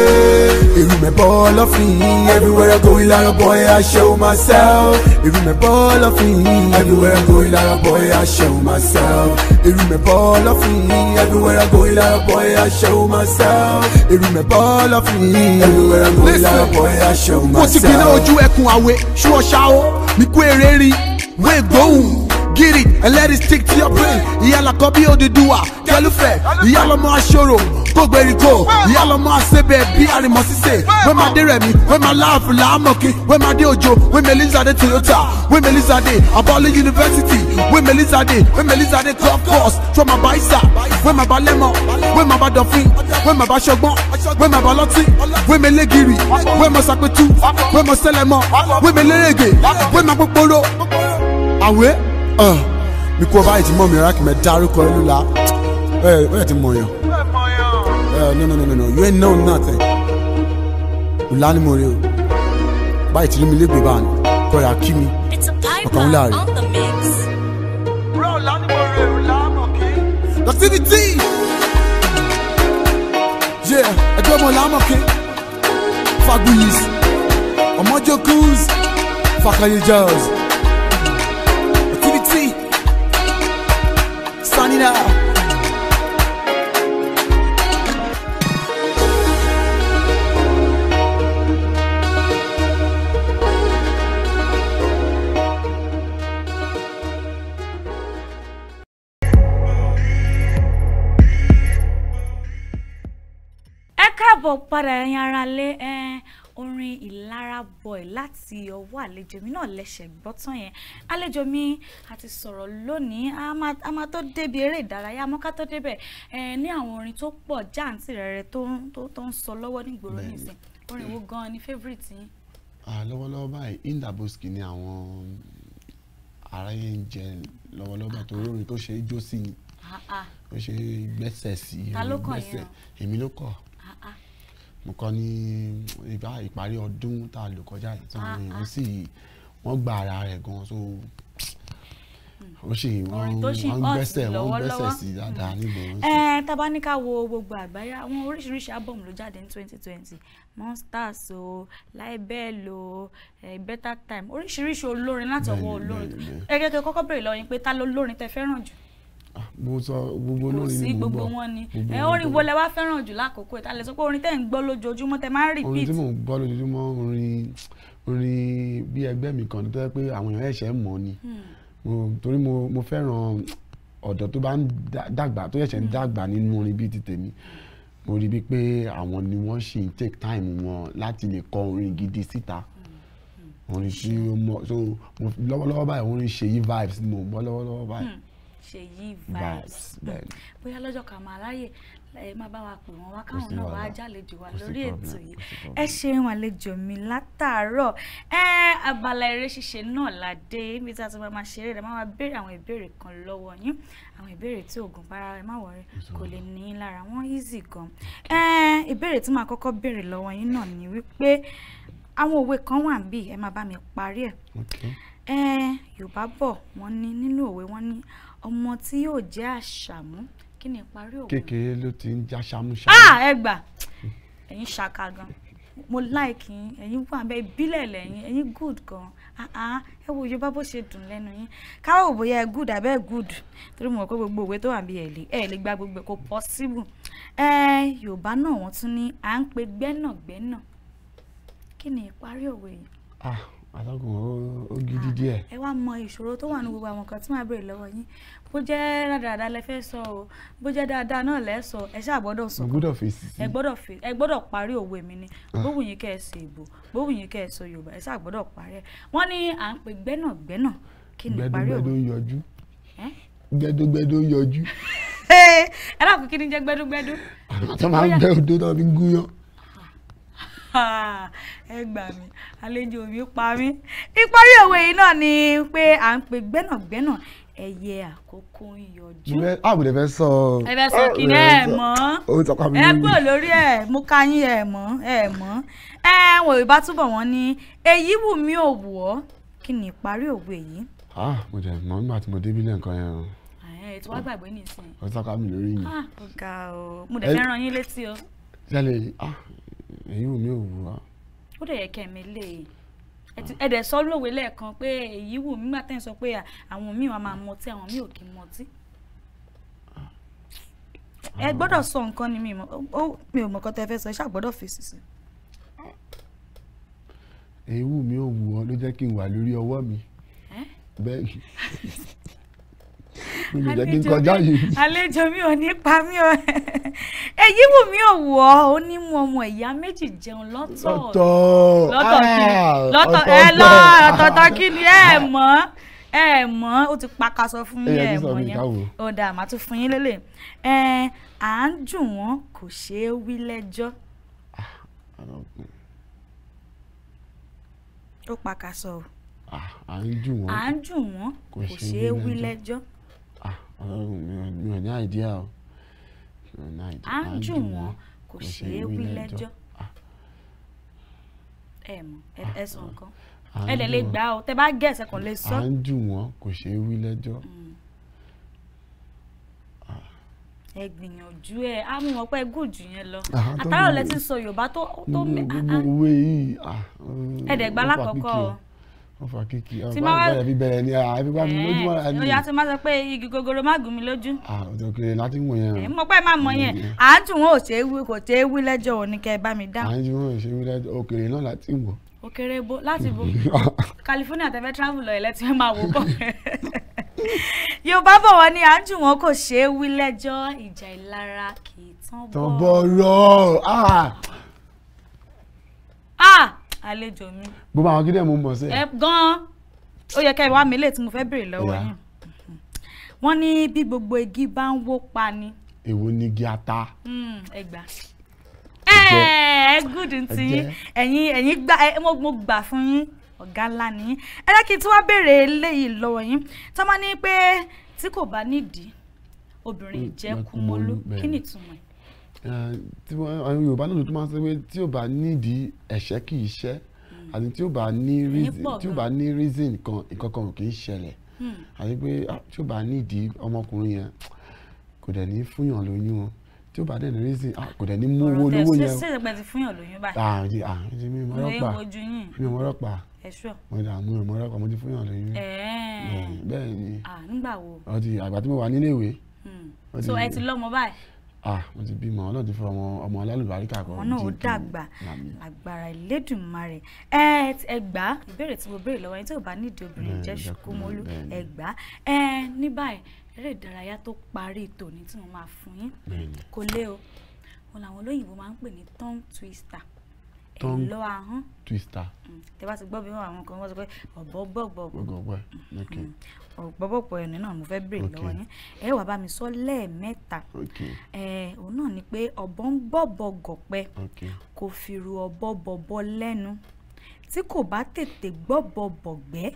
Speaker 2: èrùmẹ̀bọ lọ́fìn everywhere I go ìlànà boy I show myself èrùmẹ̀bọ lọ́fìn everywhere I go ìlànà boy I show myself èrùmẹ̀bọ lọ́fìn everywhere I go ìlànà boy I. I show myself. Remember all of me. Everywhere I go, like boy, I show myself. Mo ti gbiná ojú ẹkùn àwẹ̀ ṣú ọ̀ṣà o, mi kú èrè rí, wé gbóhùn. Get it and let it stick to your brain. Ìyá lakọ bí Odùduwà kẹlúfẹ̀. Ìyá lọmọ aṣọ́rò ko. gbèríko. Ìyá lọmọ asebe bí àrìmọ́ sísè. Wé máa dé Rẹ̀mí, wé máa láàfù láàmọ̀kí. Wé máa dé Òjò, wé Melizade Toyota. Wé Melizade Abọ́lé University. Wé Melizade, wé Melizade Club Course. Tí wọ́n máa bá Isa, wé máa bá Lẹ́mọ̀, wé máa bá Dọ̀fín, wé máa bá Ṣọgbọ́n, wé máa bá Lọ́tí, wé Melégiri, wé máa Sapetu, wé máa Sẹ́lẹ̀mọ̀, wé Melérègè, wé máa Pópóró. Àwẹ̀. Uh, mi kú ọba yìí ti mọ̀ mi rákì mẹ́ dárúkọ ẹlúla ẹ ẹ ti mọ̀ yàn uh, no no no no no you ain't know nothing ìlà ni mo rí o báyìí ti rí mi lẹ́gbẹ̀ẹ́ báyìí kọ́ra kí mi ọ̀kan ń láàrin. Lọ́sibítì ẹjọ́ ọmọ làámọ̀kẹ́ fagbuyis ọmọjọ́ kúz fàkàyé jẹ́ọ̀sì. Medina.
Speaker 1: káàbọ̀ padà ẹ̀yin aráalé orin ìlara boy láti ọwọ́ àlejò mi náà lẹ́sẹ̀ gbọ́ tán yẹn àlejò mi a ti sọ̀rọ̀ lónìí a máa tó débi eré ìdárayá mọ́ká tó débẹ̀ ní àwọn orin tó pọ̀ jáǹtì rẹ̀ tó ń sọ lọ́wọ́ nígboro nìsín orin wo gan ni favourite yín.
Speaker 2: lọ́wọ́lọ́wọ́ báyìí Indaboski ni àwọn aráyé ń jẹ lọ́wọ́lọ́wọ́ tó lórin tó ṣe é jó sí ni ah, ah. ó ṣe é gbẹ́sẹ̀ sí i èmi ló kọ̀ mo kọ́ ní mm, ìparí ọdún tá a lò kọjá yìí tí àwọn èèyàn ah, ah. sì wọ́n gba ara rẹ̀ gan so hmm. ó ṣì wọ́n gbẹ́sẹ̀ wọ́n gbẹ́sẹ̀ sí dáadáa nígboro. ẹ
Speaker 1: tábà ní ká wo gbogbo àgbáyé àwọn oríṣiríṣi album ló jáde ní twenty twenty monsters o laibel o eh, better time oríṣiríṣi olórin láti ọwọ́ olórin ẹ gẹ́gẹ́ kọ́kọ́ bèrè lọ́yìn pé ta ló lórin tẹ́ fẹ́ràn jù
Speaker 2: mo sọ gbogbo olórin ni mo gbọ́ gbogbo wọn ni ẹ orin wo
Speaker 1: lẹ wá fẹ́ràn jù lákòókò ẹ ta lè sọ pé orin tẹ́ ń gbọ́ lójoojúmọ́ tẹ́ máa ń repeat. orin tí mò ń
Speaker 2: gbọ́ lójoojúmọ́ orin orin bí ẹgbẹ́ mi kan tó yẹ pé àwọn èèyàn ẹ̀ṣẹ̀ mọ̀ ni hmm. torí mo fẹ́ràn ọ̀dọ́ tó bá ń dàgbà tó ẹ̀ṣẹ̀ ń hmm. dàgbà nínú orin bíi ti tèmi mo rí bíi pé àwọn ni wọ́n ṣì ń take time wọn láti lè kọ orin gidi síta hmm. orin tí mo lọ́wọ́lọ́wọ́ báyìí orin ṣèyí vibes mo gbọ́ lọ́wọ́lọ́wọ́ báyìí.
Speaker 1: Ṣèyí vibes bóyá lọ́jọ́ kan máa ráyè ẹ máa bá wa pè wọ́n wá káwọn náà wá jálejò wa lórí ètò yìí ẹ ṣeun àlejò mi látàárọ̀ ẹ abala eré ṣíṣe náà la dé ibi tí a ti máa ṣeré rẹ máa béèrè àwọn ìbéèrè kan lọ́wọ́ yín àwọn ìbéèrè tí oògùn bára ẹ má wọrí kò lè ní í lára wọn easy gan ẹ ìbéèrè tí màá kọ́kọ́ béèrè lọ́wọ́ yín náà ni wípé àwọn òwe kan wà níbí ẹ máa bá mi parí ẹ ẹ Yorùbá bọ̀ wọ́n ní nínú òwe wọ́n ní ọmọ tí yóò jẹ́ àṣàmú kí ni ìparí òun.
Speaker 2: kékeré ló ti ń já ṣàmúṣàmú. ah
Speaker 1: ẹ gbà ẹ̀yin ṣàkà gan mo like yín ẹ̀yin wà bẹ́ẹ̀ ìbílẹ̀ lẹ́yìn ẹ̀yin good gan ah, ah. ẹ wo yorùbá bó ṣe dùn lẹ́nu yín káwọ́ bóyá ẹ good abẹ́ good torí mo mọ̀ pé gbogbo òwe tó wà bí ẹ̀ lè ẹ̀ lè gba gbogbo kò possible ẹ yorùbá náà wọ́n tún ní à ń pe gbẹ́nàgbẹ́nà kí ni ìparí òwe yìí.
Speaker 2: ah alágùn ó gidi ah, díẹ̀.
Speaker 1: ẹ wá mọ ìṣòro tó wà ní gbogbo àwọn kan tí màá béèrè lọ́wọ́ yín bó jẹ́ dáadáa lẹ fẹ́ sọ o bó jẹ́ dáadáa náà lẹ sọ ẹ ṣáà gbọ́dọ̀ sọ gbọ́dọ̀ fèsì ẹ gbọ́dọ̀ fè ẹ gbọ́dọ̀ parí òwe mi ni gbówù ah. yín kẹ́ ẹ sọ Ìgbò gbówù yín kẹ́ ẹ sọ Yorùbá ẹ ṣáà gbọ́dọ̀ parí ẹ wọ́n ní à ń pè gbẹ́nàgbẹ́nà kí ni parí òwe
Speaker 2: gbẹ́dọ̀gbẹ́dọ̀ yọjú gbẹ́dọ̀gbẹ́dọ̀ yọjú.
Speaker 1: ẹ dákun kí ni jẹ́ gbẹ́dọ̀gbẹ́dọ̀. àwọn tó máa ń
Speaker 2: gbẹ́ odó náà fi gúnyán
Speaker 1: ẹ gbà mí àlejò mi pa ìparí òwe yìí náà ni pé à ń pe gbẹ́nàgbẹ́nà ẹyẹ àkókò ń
Speaker 2: yọjú. àbùdè fẹ́ sọ. ẹ fẹ́ sọ kí ni ẹ eh, eh, mọ̀ ẹ gbọ́
Speaker 1: lórí ẹ mú káyín ẹ mọ̀ ẹ mọ̀ ẹ wọ ìbá túbọ̀ wọ́n ní èyí wù mí ò wù ọ́ kí ni ìparí òwe yìí.
Speaker 2: ah mo jẹ mọ nígbà tí mo débí lẹ́ǹkan yẹn o.
Speaker 1: ẹ tí wàá gbàgbé nìsín.
Speaker 2: ó sọ ká mi lórí yìí.
Speaker 1: ah ó ga o mo dẹ̀ fẹ́ rán yín létí o.
Speaker 2: jẹ́lẹ̀ ah èyí wù mí ò wù ọ́.
Speaker 1: ó dẹ̀ yẹ kẹ́ mi léyìí ẹ dẹ̀ sọ lówe lẹ́ẹ̀kan pé èyí wù mí gbàtẹ́ sọ pé àwọn míì wọn máa mọtí àwọn míì ò kì í mọtí. ẹ gbọ́dọ̀ sọ nǹkan ni mi ò mọ̀ kọ́ fẹ́ sọ ẹ ṣáà fèsì sí.
Speaker 2: ewu mi ò wù ọ ló jẹ́ kí n wà lórí ọwọ́ mi. bẹ́ẹ̀ níbi jẹ́ kí n kọjá yìí.
Speaker 1: àlejò mi ò ní pa mí o èyí wù mí ò wọ ó ní mú ọmọ ìyá méjì jẹun lọ́tọ̀
Speaker 2: lọ́tọ̀ lọ́tọ̀ ah, ẹ lọ ọ̀tọ̀ọ̀tọ̀
Speaker 1: kí ni ẹ ah. mọ̀ ẹ mọ̀ ó ti pa kaṣọ fún yín ẹ mọ̀ yẹn ó dà má tún fún yín lélẹ̀ ẹ à ń jù wọ́n kò ṣeé wí lẹ́jọ́. Ah, ó pa kaṣọ o
Speaker 2: à ń jù wọ́n
Speaker 1: kò ṣeé wí lẹ́jọ́
Speaker 2: mi ò ní àìdíà o mi ò ní àìdíà. à ń jù wọn kò ṣeé wí lẹ́jọ́
Speaker 1: ah. ẹ mọ ẹ sọ ah, nǹkan ah. ẹ dẹ̀ lè gbà o tẹ bá gẹ̀ẹ́sẹ̀ kan lè sọ. à ń
Speaker 2: jù wọn kò ṣeé wí lẹ́jọ́.
Speaker 1: Mm. ẹ gbìyànjú ẹ á mú wọn pé good yẹn lọ àtàrà lẹ ti sọ yorùbá tó tó mi.
Speaker 2: ẹ dẹ̀ gbà lákọ̀ọ́kọ́ o wọ́n fa kíkì ọ̀rọ̀ báyọ̀ fi bẹ̀rẹ̀ ni àbí bá mi lójú mọ́ra ni. ọ̀yà tó
Speaker 1: máa sọ pé igi gogoro má gùn mí lójú.
Speaker 2: ọ̀tọ̀ kiri láti wọ̀ yẹn. mo
Speaker 1: pẹ́ máa mọ̀ yẹn à ń tún wọn ò ṣe wí kò ṣe wí lẹ́jọ́ òní kẹ́ ẹ bá mi dáhùn. à
Speaker 2: ń tún wọn ò ṣe wí lẹ́jọ́ òkèrè náà láti wọ̀.
Speaker 1: òkèrè bo láti bo California tẹ́fẹ́ travel lọ ẹ̀lẹ́tì ẹ̀ máa wò bọ̀. Yorùbá bọ̀ wọ́n ní à ń tún wọn kò ṣe wí lẹ́jọ́ ìjà ìlara kì í tán bọ̀ àlejò mi.
Speaker 2: gbogbo àwọn gídẹ̀ mo mọ̀ sí. ẹ
Speaker 1: gan ó yẹ kẹ́ ẹ wá mi léè tí mo fẹ́ béèrè lọ́wọ́ yín wọ́n ní bí gbogbo igi bá ń wó pa ni.
Speaker 2: èwo ni igi ata.
Speaker 1: Hmm, ẹ gbà ẹ good ntí ẹ̀yin ẹ̀yin gbà mo gbà fún yín ọ̀gá ńlá ni ẹ jẹ́ kí n tí wàá béèrè eléyìí lọ́wọ́ yín tó ní pé tí kò bá nídìí obìnrin ìjẹ́ kúmọ́lú kí ni ẹ̀
Speaker 2: àwọn Yorùbá náà ló tún máa ń sọ pé tí ò bá nídìí ẹ̀ṣẹ̀ kì í ṣẹ́ hmm. àti tí ò bá ní reason tí ò bá ní reason kan nǹkan kan kì í ṣẹlẹ̀ hmm. àti pé tí ò bá nídìí ọmọkùnrin yẹn kò dẹ̀ ní fúnyàn lóyún o tí ó bá dẹ̀ ní reason kò dẹ̀ ní mú owó olówó yẹn. ọ̀rọ̀ tẹ̀ ṣe
Speaker 1: pẹ̀ ti fún lóyún
Speaker 2: báyìí. mi mọ̀ rọ́pà mi mọ̀ rọ́pà mo dà mú ìmọ̀ mo ti fún yàn lóyún.
Speaker 1: bẹ́ẹ̀ ni
Speaker 2: àgbà tí mo wà níléèwé.
Speaker 1: Hmm. so ẹ ti lọ́mọ báyìí
Speaker 2: ah mo ti bímọ Ọlọ́run ti fún ọmọ ọmọ alálùbáríkà kan. ọ̀nà ò dàgbà
Speaker 1: àgbàrá Elédùmarè ẹ ẹgbà ìbéèrè tí mo béèrè lọ́wọ́ yín tí ò bá nídìí obìnrin jẹ́ ṣùkúmọ́lú ẹgbà ẹ ní báyìí eré ìdárayá tó parí tòní tí mo máa fún yín kò lé o wọn làwọn olóyìnbó máa ń pè ní tongue twister tongue lọ twister mm, tẹ bá ti gbọ́ bí wọ́n àwọn kan wọ́n sọ pé ọ̀bọ gbọ̀gbọ̀ ọ̀gbọ́bọ̀pọ̀ ẹni náà mo fẹ́ béèrè lọ́wọ́ yẹn ẹ wàá bá mi sọ lẹ́ẹ̀mẹ́ta òun náà ni pé ọ̀bọ ń bọ̀bọ̀ gọ̀pẹ kò fi ru ọ̀bọ bọ̀bọ̀ lẹ́nu tí kò bá tètè gbọ́bọ̀ bọ̀gbẹ́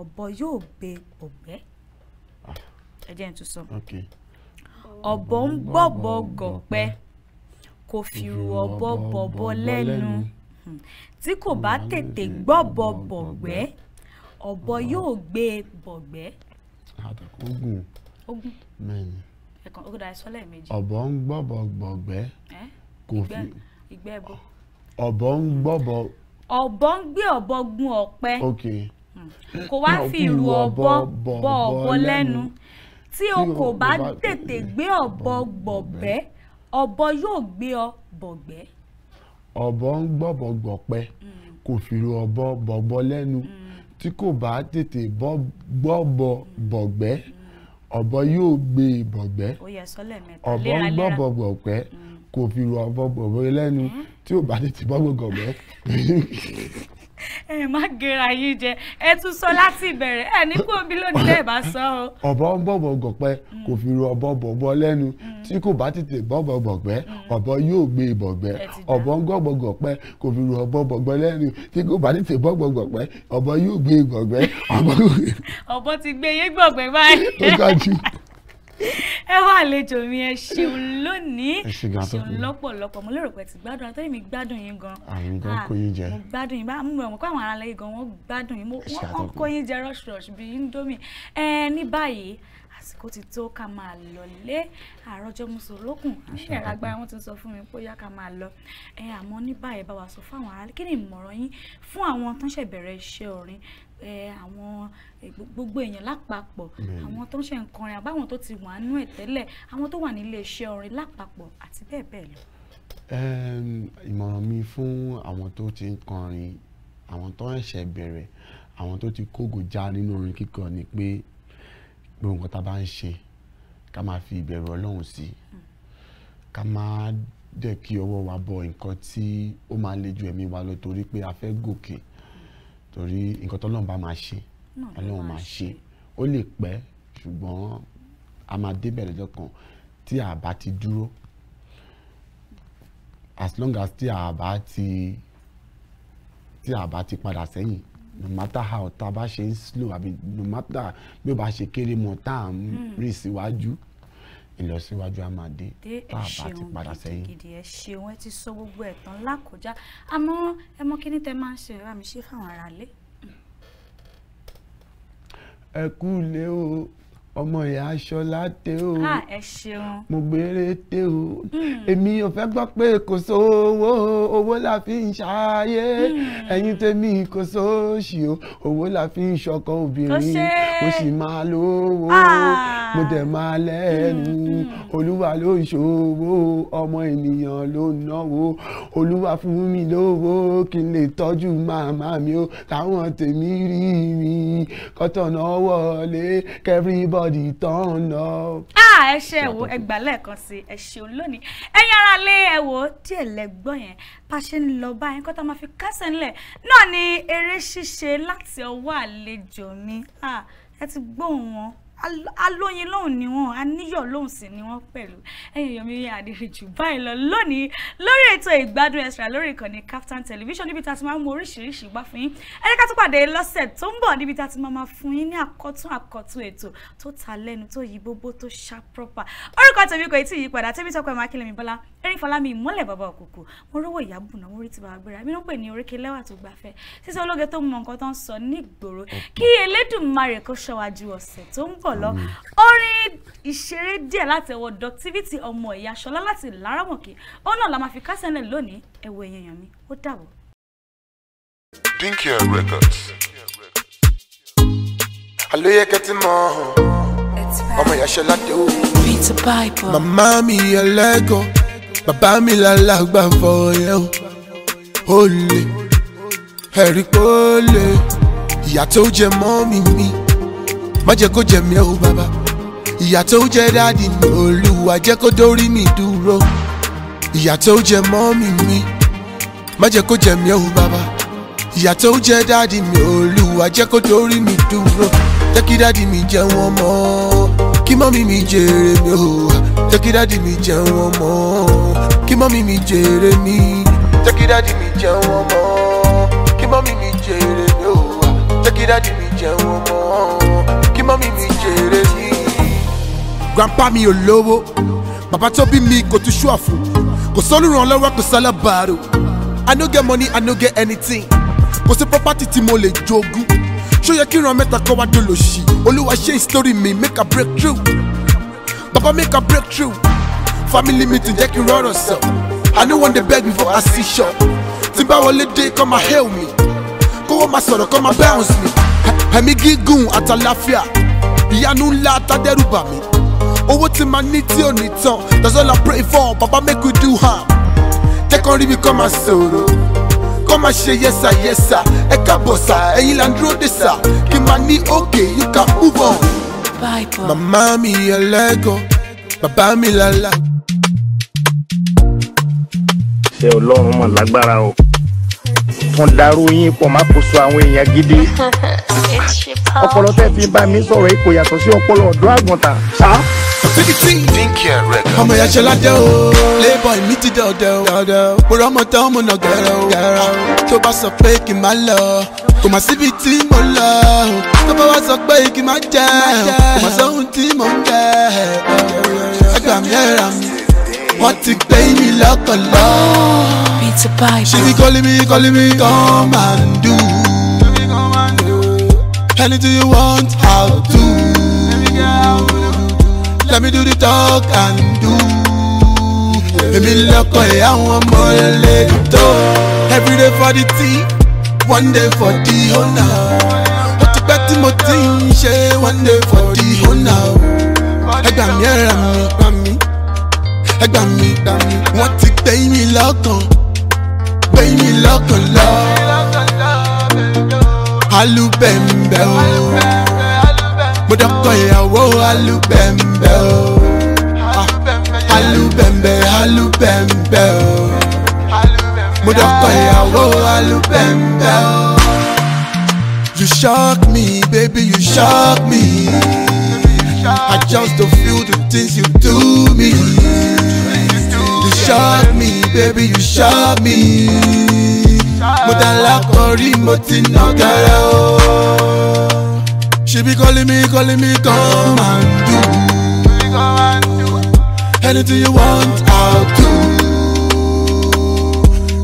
Speaker 1: ọ̀bọ yóò gbé bọ̀gbẹ́ ah. ẹ jẹ́ n sọ ọ̀bọ ń bọ̀bọ̀ gọ̀pẹ kò fi ru ọ̀bọ bọ̀bọ̀ lẹ́nu hmm. tí kò bá tètè gbọ́bọ̀ bọ̀gbẹ́ ọ̀bọ yóò gbé bọ̀gbẹ́ àtàkùn ogun ogun mẹ́ni ẹ̀kan ó dàá sọ́lẹ̀ méjì ọ̀bọ ń gbọ́bọ̀ gbọ̀gbẹ́ kò fi ìgbẹ́ ẹ̀bọ
Speaker 2: ọ̀bọ ń gbọ́bọ̀
Speaker 1: ọ̀bọ ń gbé ọ̀bọ gun ọ̀pẹ hmm. kò wá fi ìrù ọ̀bọ bọ ọ̀bọ lẹ́nu tí o kò bá tètè gbé ọ̀bọ gbọ̀gbẹ́ ọ̀bọ yóò gbé ọ bọ̀gbẹ́.
Speaker 2: ọ̀bọ ń gbọ́bọ̀ gbọ̀pẹ hmm. kò fi ìrù ọ̀bọ bọ̀gbọ́ lẹ́nu. Mm tí kò bá tètè gbọ́bọ bọ̀gbẹ́ ọ̀bọ yóò gbé bọ̀gbẹ́
Speaker 1: ọ̀bọ ń gbọ́bọ bọ̀gbẹ́ mm.
Speaker 2: kò fi rọ ọ̀bọ bọ̀gbẹ́ lẹ́nu mm-hmm. tí ò bá tètè gbọ́bọ bọ̀gbẹ́
Speaker 1: ẹ má gera yín jẹ ẹ tún sọ láti ìbẹ̀rẹ̀ ẹ ní kó omi lónìí lẹ́ẹ̀ bá sọ o.
Speaker 2: ọ̀bọ ń bọ̀bọ̀ gọ̀pẹ́ mm. kò fi ru ọ̀bọ bọ̀bọ̀ lẹ́nu mm. tí kò bá tètè bọ̀bọ̀ bọ̀gbẹ́ mm. ọ̀bọ yóò gbé ìbọ̀gbẹ́ ọ̀bọ ń gọ̀bọ̀ gọ̀pẹ́ kò fi ru ọ̀bọ bọ̀gbọ́ lẹ́nu tí kò bá tètè bọ̀bọ̀ gọ̀pẹ́ ọ̀bọ yóò gbé ìbọ̀gbẹ́
Speaker 1: ọ̀bọ ti gbé yé gbọ̀gbẹ́ báyìí ẹ wá àlejò mi ẹ ṣeun lónìí ṣeun lọ́pọ̀lọpọ̀ mo lérò pé ti gbádùn àtẹyìn mi gbádùn yín gan àmì gan ah, kó yín jẹ mo gbádùn yín bá mo mọ pé àwọn aráàlẹ yín gan wọn gbádùn yín wọn kó yín jẹ rush rush bíi indomie ẹ ní báyìí àsìkò ti tó ká máa lọ lé àròjọ mùsùlùkùn àṣẹ àgbára wọn ti sọ fún mi pé yá ká máa lọ ẹ àmọ́ ní báyìí bá wa sọ fún àwọn aráàlẹ kí ni ìmọ̀ràn yín fún àwọn tó ń ṣẹ̀bẹ̀rẹ̀ iṣẹ́ orin àwọn gbogbo èèyàn lápapọ̀ àwọn tó ń ṣe nǹkan rẹ̀ àbáwọn tó ti wà nínú ẹ̀ tẹ́lẹ̀ àwọn tó wà nílé iṣẹ́ orin lápapọ̀ àti bẹ́ẹ̀ bẹ́ẹ̀ lọ.
Speaker 2: ìmọ̀ràn mi fún àwọn tó ti ń kọrin àwọn tó ń ṣẹ̀ bẹ̀rẹ̀ àwọn tó ti kógo já nínú orin kíkọ ni pé gbogbo nǹkan tá a bá ń ṣe ká máa fi ìbẹ̀rù ọlọ́run sí hmm. ká máa dẹ̀ kí ọwọ́ wa bọ nǹkan tí ó máa le ju ẹ̀mí wa lọ torí pé a fẹ́ gòkè torí nǹkan tọ́lọ́run bá máa ṣe
Speaker 1: ọlọ́run máa ṣe
Speaker 2: ó lè pẹ́ ṣùgbọ́n a máa débẹ̀ lọ́jọ́ kan tí a bá ti dúró as long as tí a bá ti tí a bá ti padà sẹ́yìn no matter how tá a bá ṣe ń slow àbí no matter bí o bá ṣe kéré mọ́ tá à ń hmm. rìn síwájú. Si ìlọsíwájú á máa dé tá a bá ti padà sẹ́yìn. gidi
Speaker 1: ẹ ṣeun ẹ ti sọ gbogbo ẹ̀ tán lákòjá àmọ́ ẹ mọ tẹ máa ń ṣe ìrà ṣe fáwọn aráalé.
Speaker 2: ẹ kú lé o ọmọ ìyá aṣọlá tẹ o mo gbére tẹ o hmm. èmi ò fẹ́ gbọ́ pé kò sówó owó la fi ń ṣayé hmm. ẹ̀yin tèmi kò sóòṣì o owó la fi ń ṣọkọ obìnrin mo sì máa lówó ah. mo dẹ̀ máa lẹ́nu hmm, olúwa ló ń ṣòwò ọmọ ènìyàn ló ń náwó olúwa fún mi lówó kí n lè tọ́jú màmá mi o káwọn tèmi rí mi kọ́tọ̀nà wọlé kẹ́rìbọ̀ somebody turn up.
Speaker 1: a ẹ ṣe ẹ wo ẹ gbà lẹ́ẹ̀kan sí ẹ ṣeun lónìí ẹ̀yin ara lé ẹ wo díẹ̀ lẹ́gbọ́n yẹn bá a ṣe ń lọ bá yẹn kó tá a máa fi kásẹ̀ ńlẹ̀ náà ni eré ṣíṣe láti ọwọ́ àlejò mi ẹ ti gbóhùn wọn alóyin lóhùn ni wọn aníyọ̀ lóhùn sì ni wọn pẹ̀lú ẹ̀yin èèyàn mi yẹn àdéhìjù báyìí lọ lónìí lórí ètò ìgbádùn extra lórí ìkànnì captain television níbi tá a ti máa ń mú oríṣiríṣi ìgbà fún yín ẹ jẹ́ ká tún pàdé lọ́sẹ̀ tó ń bọ̀ níbi tá a ti máa máa fún yín ní àkọ́tún àkọ́tún ètò tó ta lẹ́nu tó yí bóbó tó ṣá proper orúkọ tèmi kò tí ì yí padà tèmi tọkọ ìmákìlẹ̀ mi bọ́lá erin fọlámi ìmọ́lẹ̀ bàbá òkùnkùn mo rówó ìyábùnà mo rí ti bàbá gbéra mi ló pè ní oríkè lẹ́wà tó gbafẹ́ sísọ ológe tó mọ nǹkan tó ń sọ nígboro kí elédùnmarè kó ṣọwájú ọ̀sẹ̀ tó ń bọ̀ túbọ̀ lọ mm. orin ìṣeré díẹ̀ láti ẹwọ Doctivity ọmọ ìyá Ṣọlá láti Lárámọ̀kẹ́ ó náà la máa fi kásẹ̀ lẹ̀ lónìí ẹ̀wọ̀ èèyàn mi ó dàbọ̀.
Speaker 2: Dinkir Records alóyèké tí mo ọmọ ìyá Ṣọlá dé o. màmá mi ẹlẹ́gọ̀ bàbá mi làlágbà fọyẹ́ o ó lè ẹ̀rí pé lè ìyá tó jẹ mọ́ mi mi má jẹ́ kó jẹ mí ẹ́ o bàbá ìyà tó jẹ dáàdì mi olúwa jẹ́ kó dórí mi dúró ìyà tó jẹ mọ́mì mi má jẹ́ kó jẹ mí ẹ́ o bàbá ìyà tó jẹ dáàdì mi olúwa jẹ́ kó dórí mi dúró jẹ́ kí dáàdì mi jẹ wọ́n kí mọ́mì mi jèrè mi o jẹ́ kí dáàdì mi jẹ wọ́n kí mọ́mì mi jèrè mi jẹ́ kí dáàdì mi jẹ wọ́n kí mọ́mì mi jèrè mi o jẹ́ kí dáàdì mi jẹ wọ́n mọ́mí mi jèrè yìí. grandpa mi ò lówó bàbá tó bí mi kò tún ṣúà fún kò sọ́lùràn lọ́wọ́ kò sálẹ̀ bàárò i no get money i no get anything kò sí property tí mo lè jogún ṣó yẹ kí ìran mẹ́ta kọ́ wá dolòṣì olúwa ṣe ìsítórí mi make a break through bàbá make a break through family meeting jẹ́ kí n rọrọ̀ sọ i no wan dey beg before i see shop tí bá wọlé dé kọ́ máa hail me kówó máa sọ̀rọ̀ come and bounce me ẹ̀mí gígùn àtàláfíà ìyanu ńlá tádẹ́rù bà mí owó tí màá ní tí ò ní tán that's all I pray for baba make we do am jẹ́ kán rí mi kán máa sọ̀rọ̀ kán máa ṣe yẹ́sà yẹ́sà ẹ káàbọ̀ sà ẹ̀yin là ń dúró dé sà kí màá ní òkè you can move on. màmá mi ẹlẹ́gọ̀ bàbá mi lálá. ṣé ọlọ́run mà lágbára o tún dàrú yín pọ̀ má kó so àwọn èèyàn gidi. ọpọlọ tẹ́ fi bá mi sọ̀rọ̀ ipò yàtọ̀ sí ọpọlọ ọ̀dọ́ àgùntàn. ọmọ ìyá ṣe ládé o playboy mi ti dẹ̀ ọ̀dẹ̀ o pòrọ̀ ọmọ tán ọmọ náà gẹ̀rẹ̀ o tó bá sọ pé kì má lọ kò má síbi tí mo lọ tó bá wá sọ pé kì má jẹ kò má sóhun tí mo ń jẹ ẹgbàá ẹ̀rà mi wọ́n ti gbé mi lọ́kàn to buy. She be calling me, calling me, come and do. Anything you want, I'll do. Let me do the talk and do. Èmi lọ́kọ̀ ẹ̀ àwọn ọmọ ẹlẹ́tọ́. Every day for the tea, one day for the owner. Ó ti pẹ́ tí mo ti ń ṣe one day for the owner. Ẹgbà mi ẹ̀ràn mi gbà mí, ẹgbà mi gbà mí. Wọ́n ti tẹ̀yìn mi lọ́kàn. pay me luck and love. Alubembe o. Mo wo ìyàwó alubembe o. Oh. Ah, alubembe alubembe o. Mo dọ́kọ̀ ìyàwó alubembe o. Oh. You shock me, baby, you shock me. I just don't feel the things you do me. Shot me, baby, you shot me. Mo than lack Mori, mo ti nagara She be calling me, calling me, come and do. Anything you want, I'll do.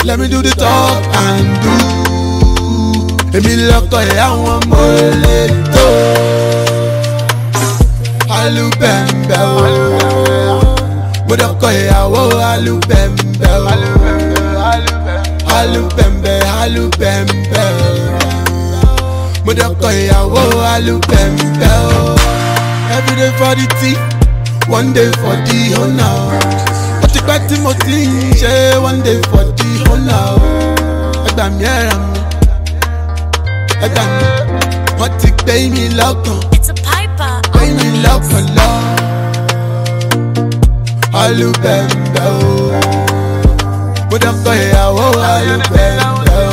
Speaker 2: Let me do the talk and do. Èmi lọ́kọ̀ ẹ̀ àwọn ọmọ ilé tó. Alubẹ̀mbẹ̀ o kó ìyàwó alúbẹ̀m̀bẹ̀ everyday for the tea one day for the honour ó ti pẹ́ tí one day for the honour o ẹgbà mi ẹ̀ràn mi ẹgbà mi wọ́n ti gbé mi lọ́kàn gbé mi lọ́kàn lọ́kàn. alubẹ̀mbẹ̀ o. Oh. mo dọ́kọ̀ ìyàwó alubẹ̀mbẹ̀ o. Oh.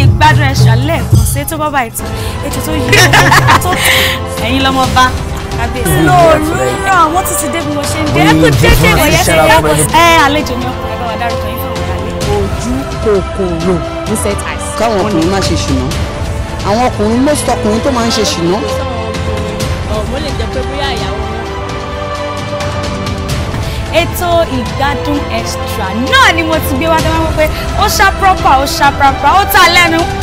Speaker 1: ìgbádùn ẹ̀ṣà lẹ́ẹ̀kan ṣe tó bábà ètò ètò tó yí ọ̀hún tó ẹ̀yin lọ́mọ bá kábíyèsí. lóòrù náà wọ́n ti ti dé bí wọ́n ṣe ń dé ẹ̀kú jẹ́jẹ́ ìwọ̀nyẹ́ ṣe yá ẹ àlejò ni ọkùnrin bá wa dárúkọ yín fún ìyàlẹ́. ojú kòkòrò
Speaker 2: reset eyes. káwọn ọkùnrin má ṣe ṣìnà àwọn ọkùnrin most ọkùnrin tó máa ń ṣe ṣìnà.
Speaker 1: ọ̀gbọ́n lè jẹ́ pé bóyá ìyàwó ètò ìgbádùn extra náà ni mo ti gbé wá dáná wípé ó ṣá proper ó ṣá proper ó ta lẹ́nu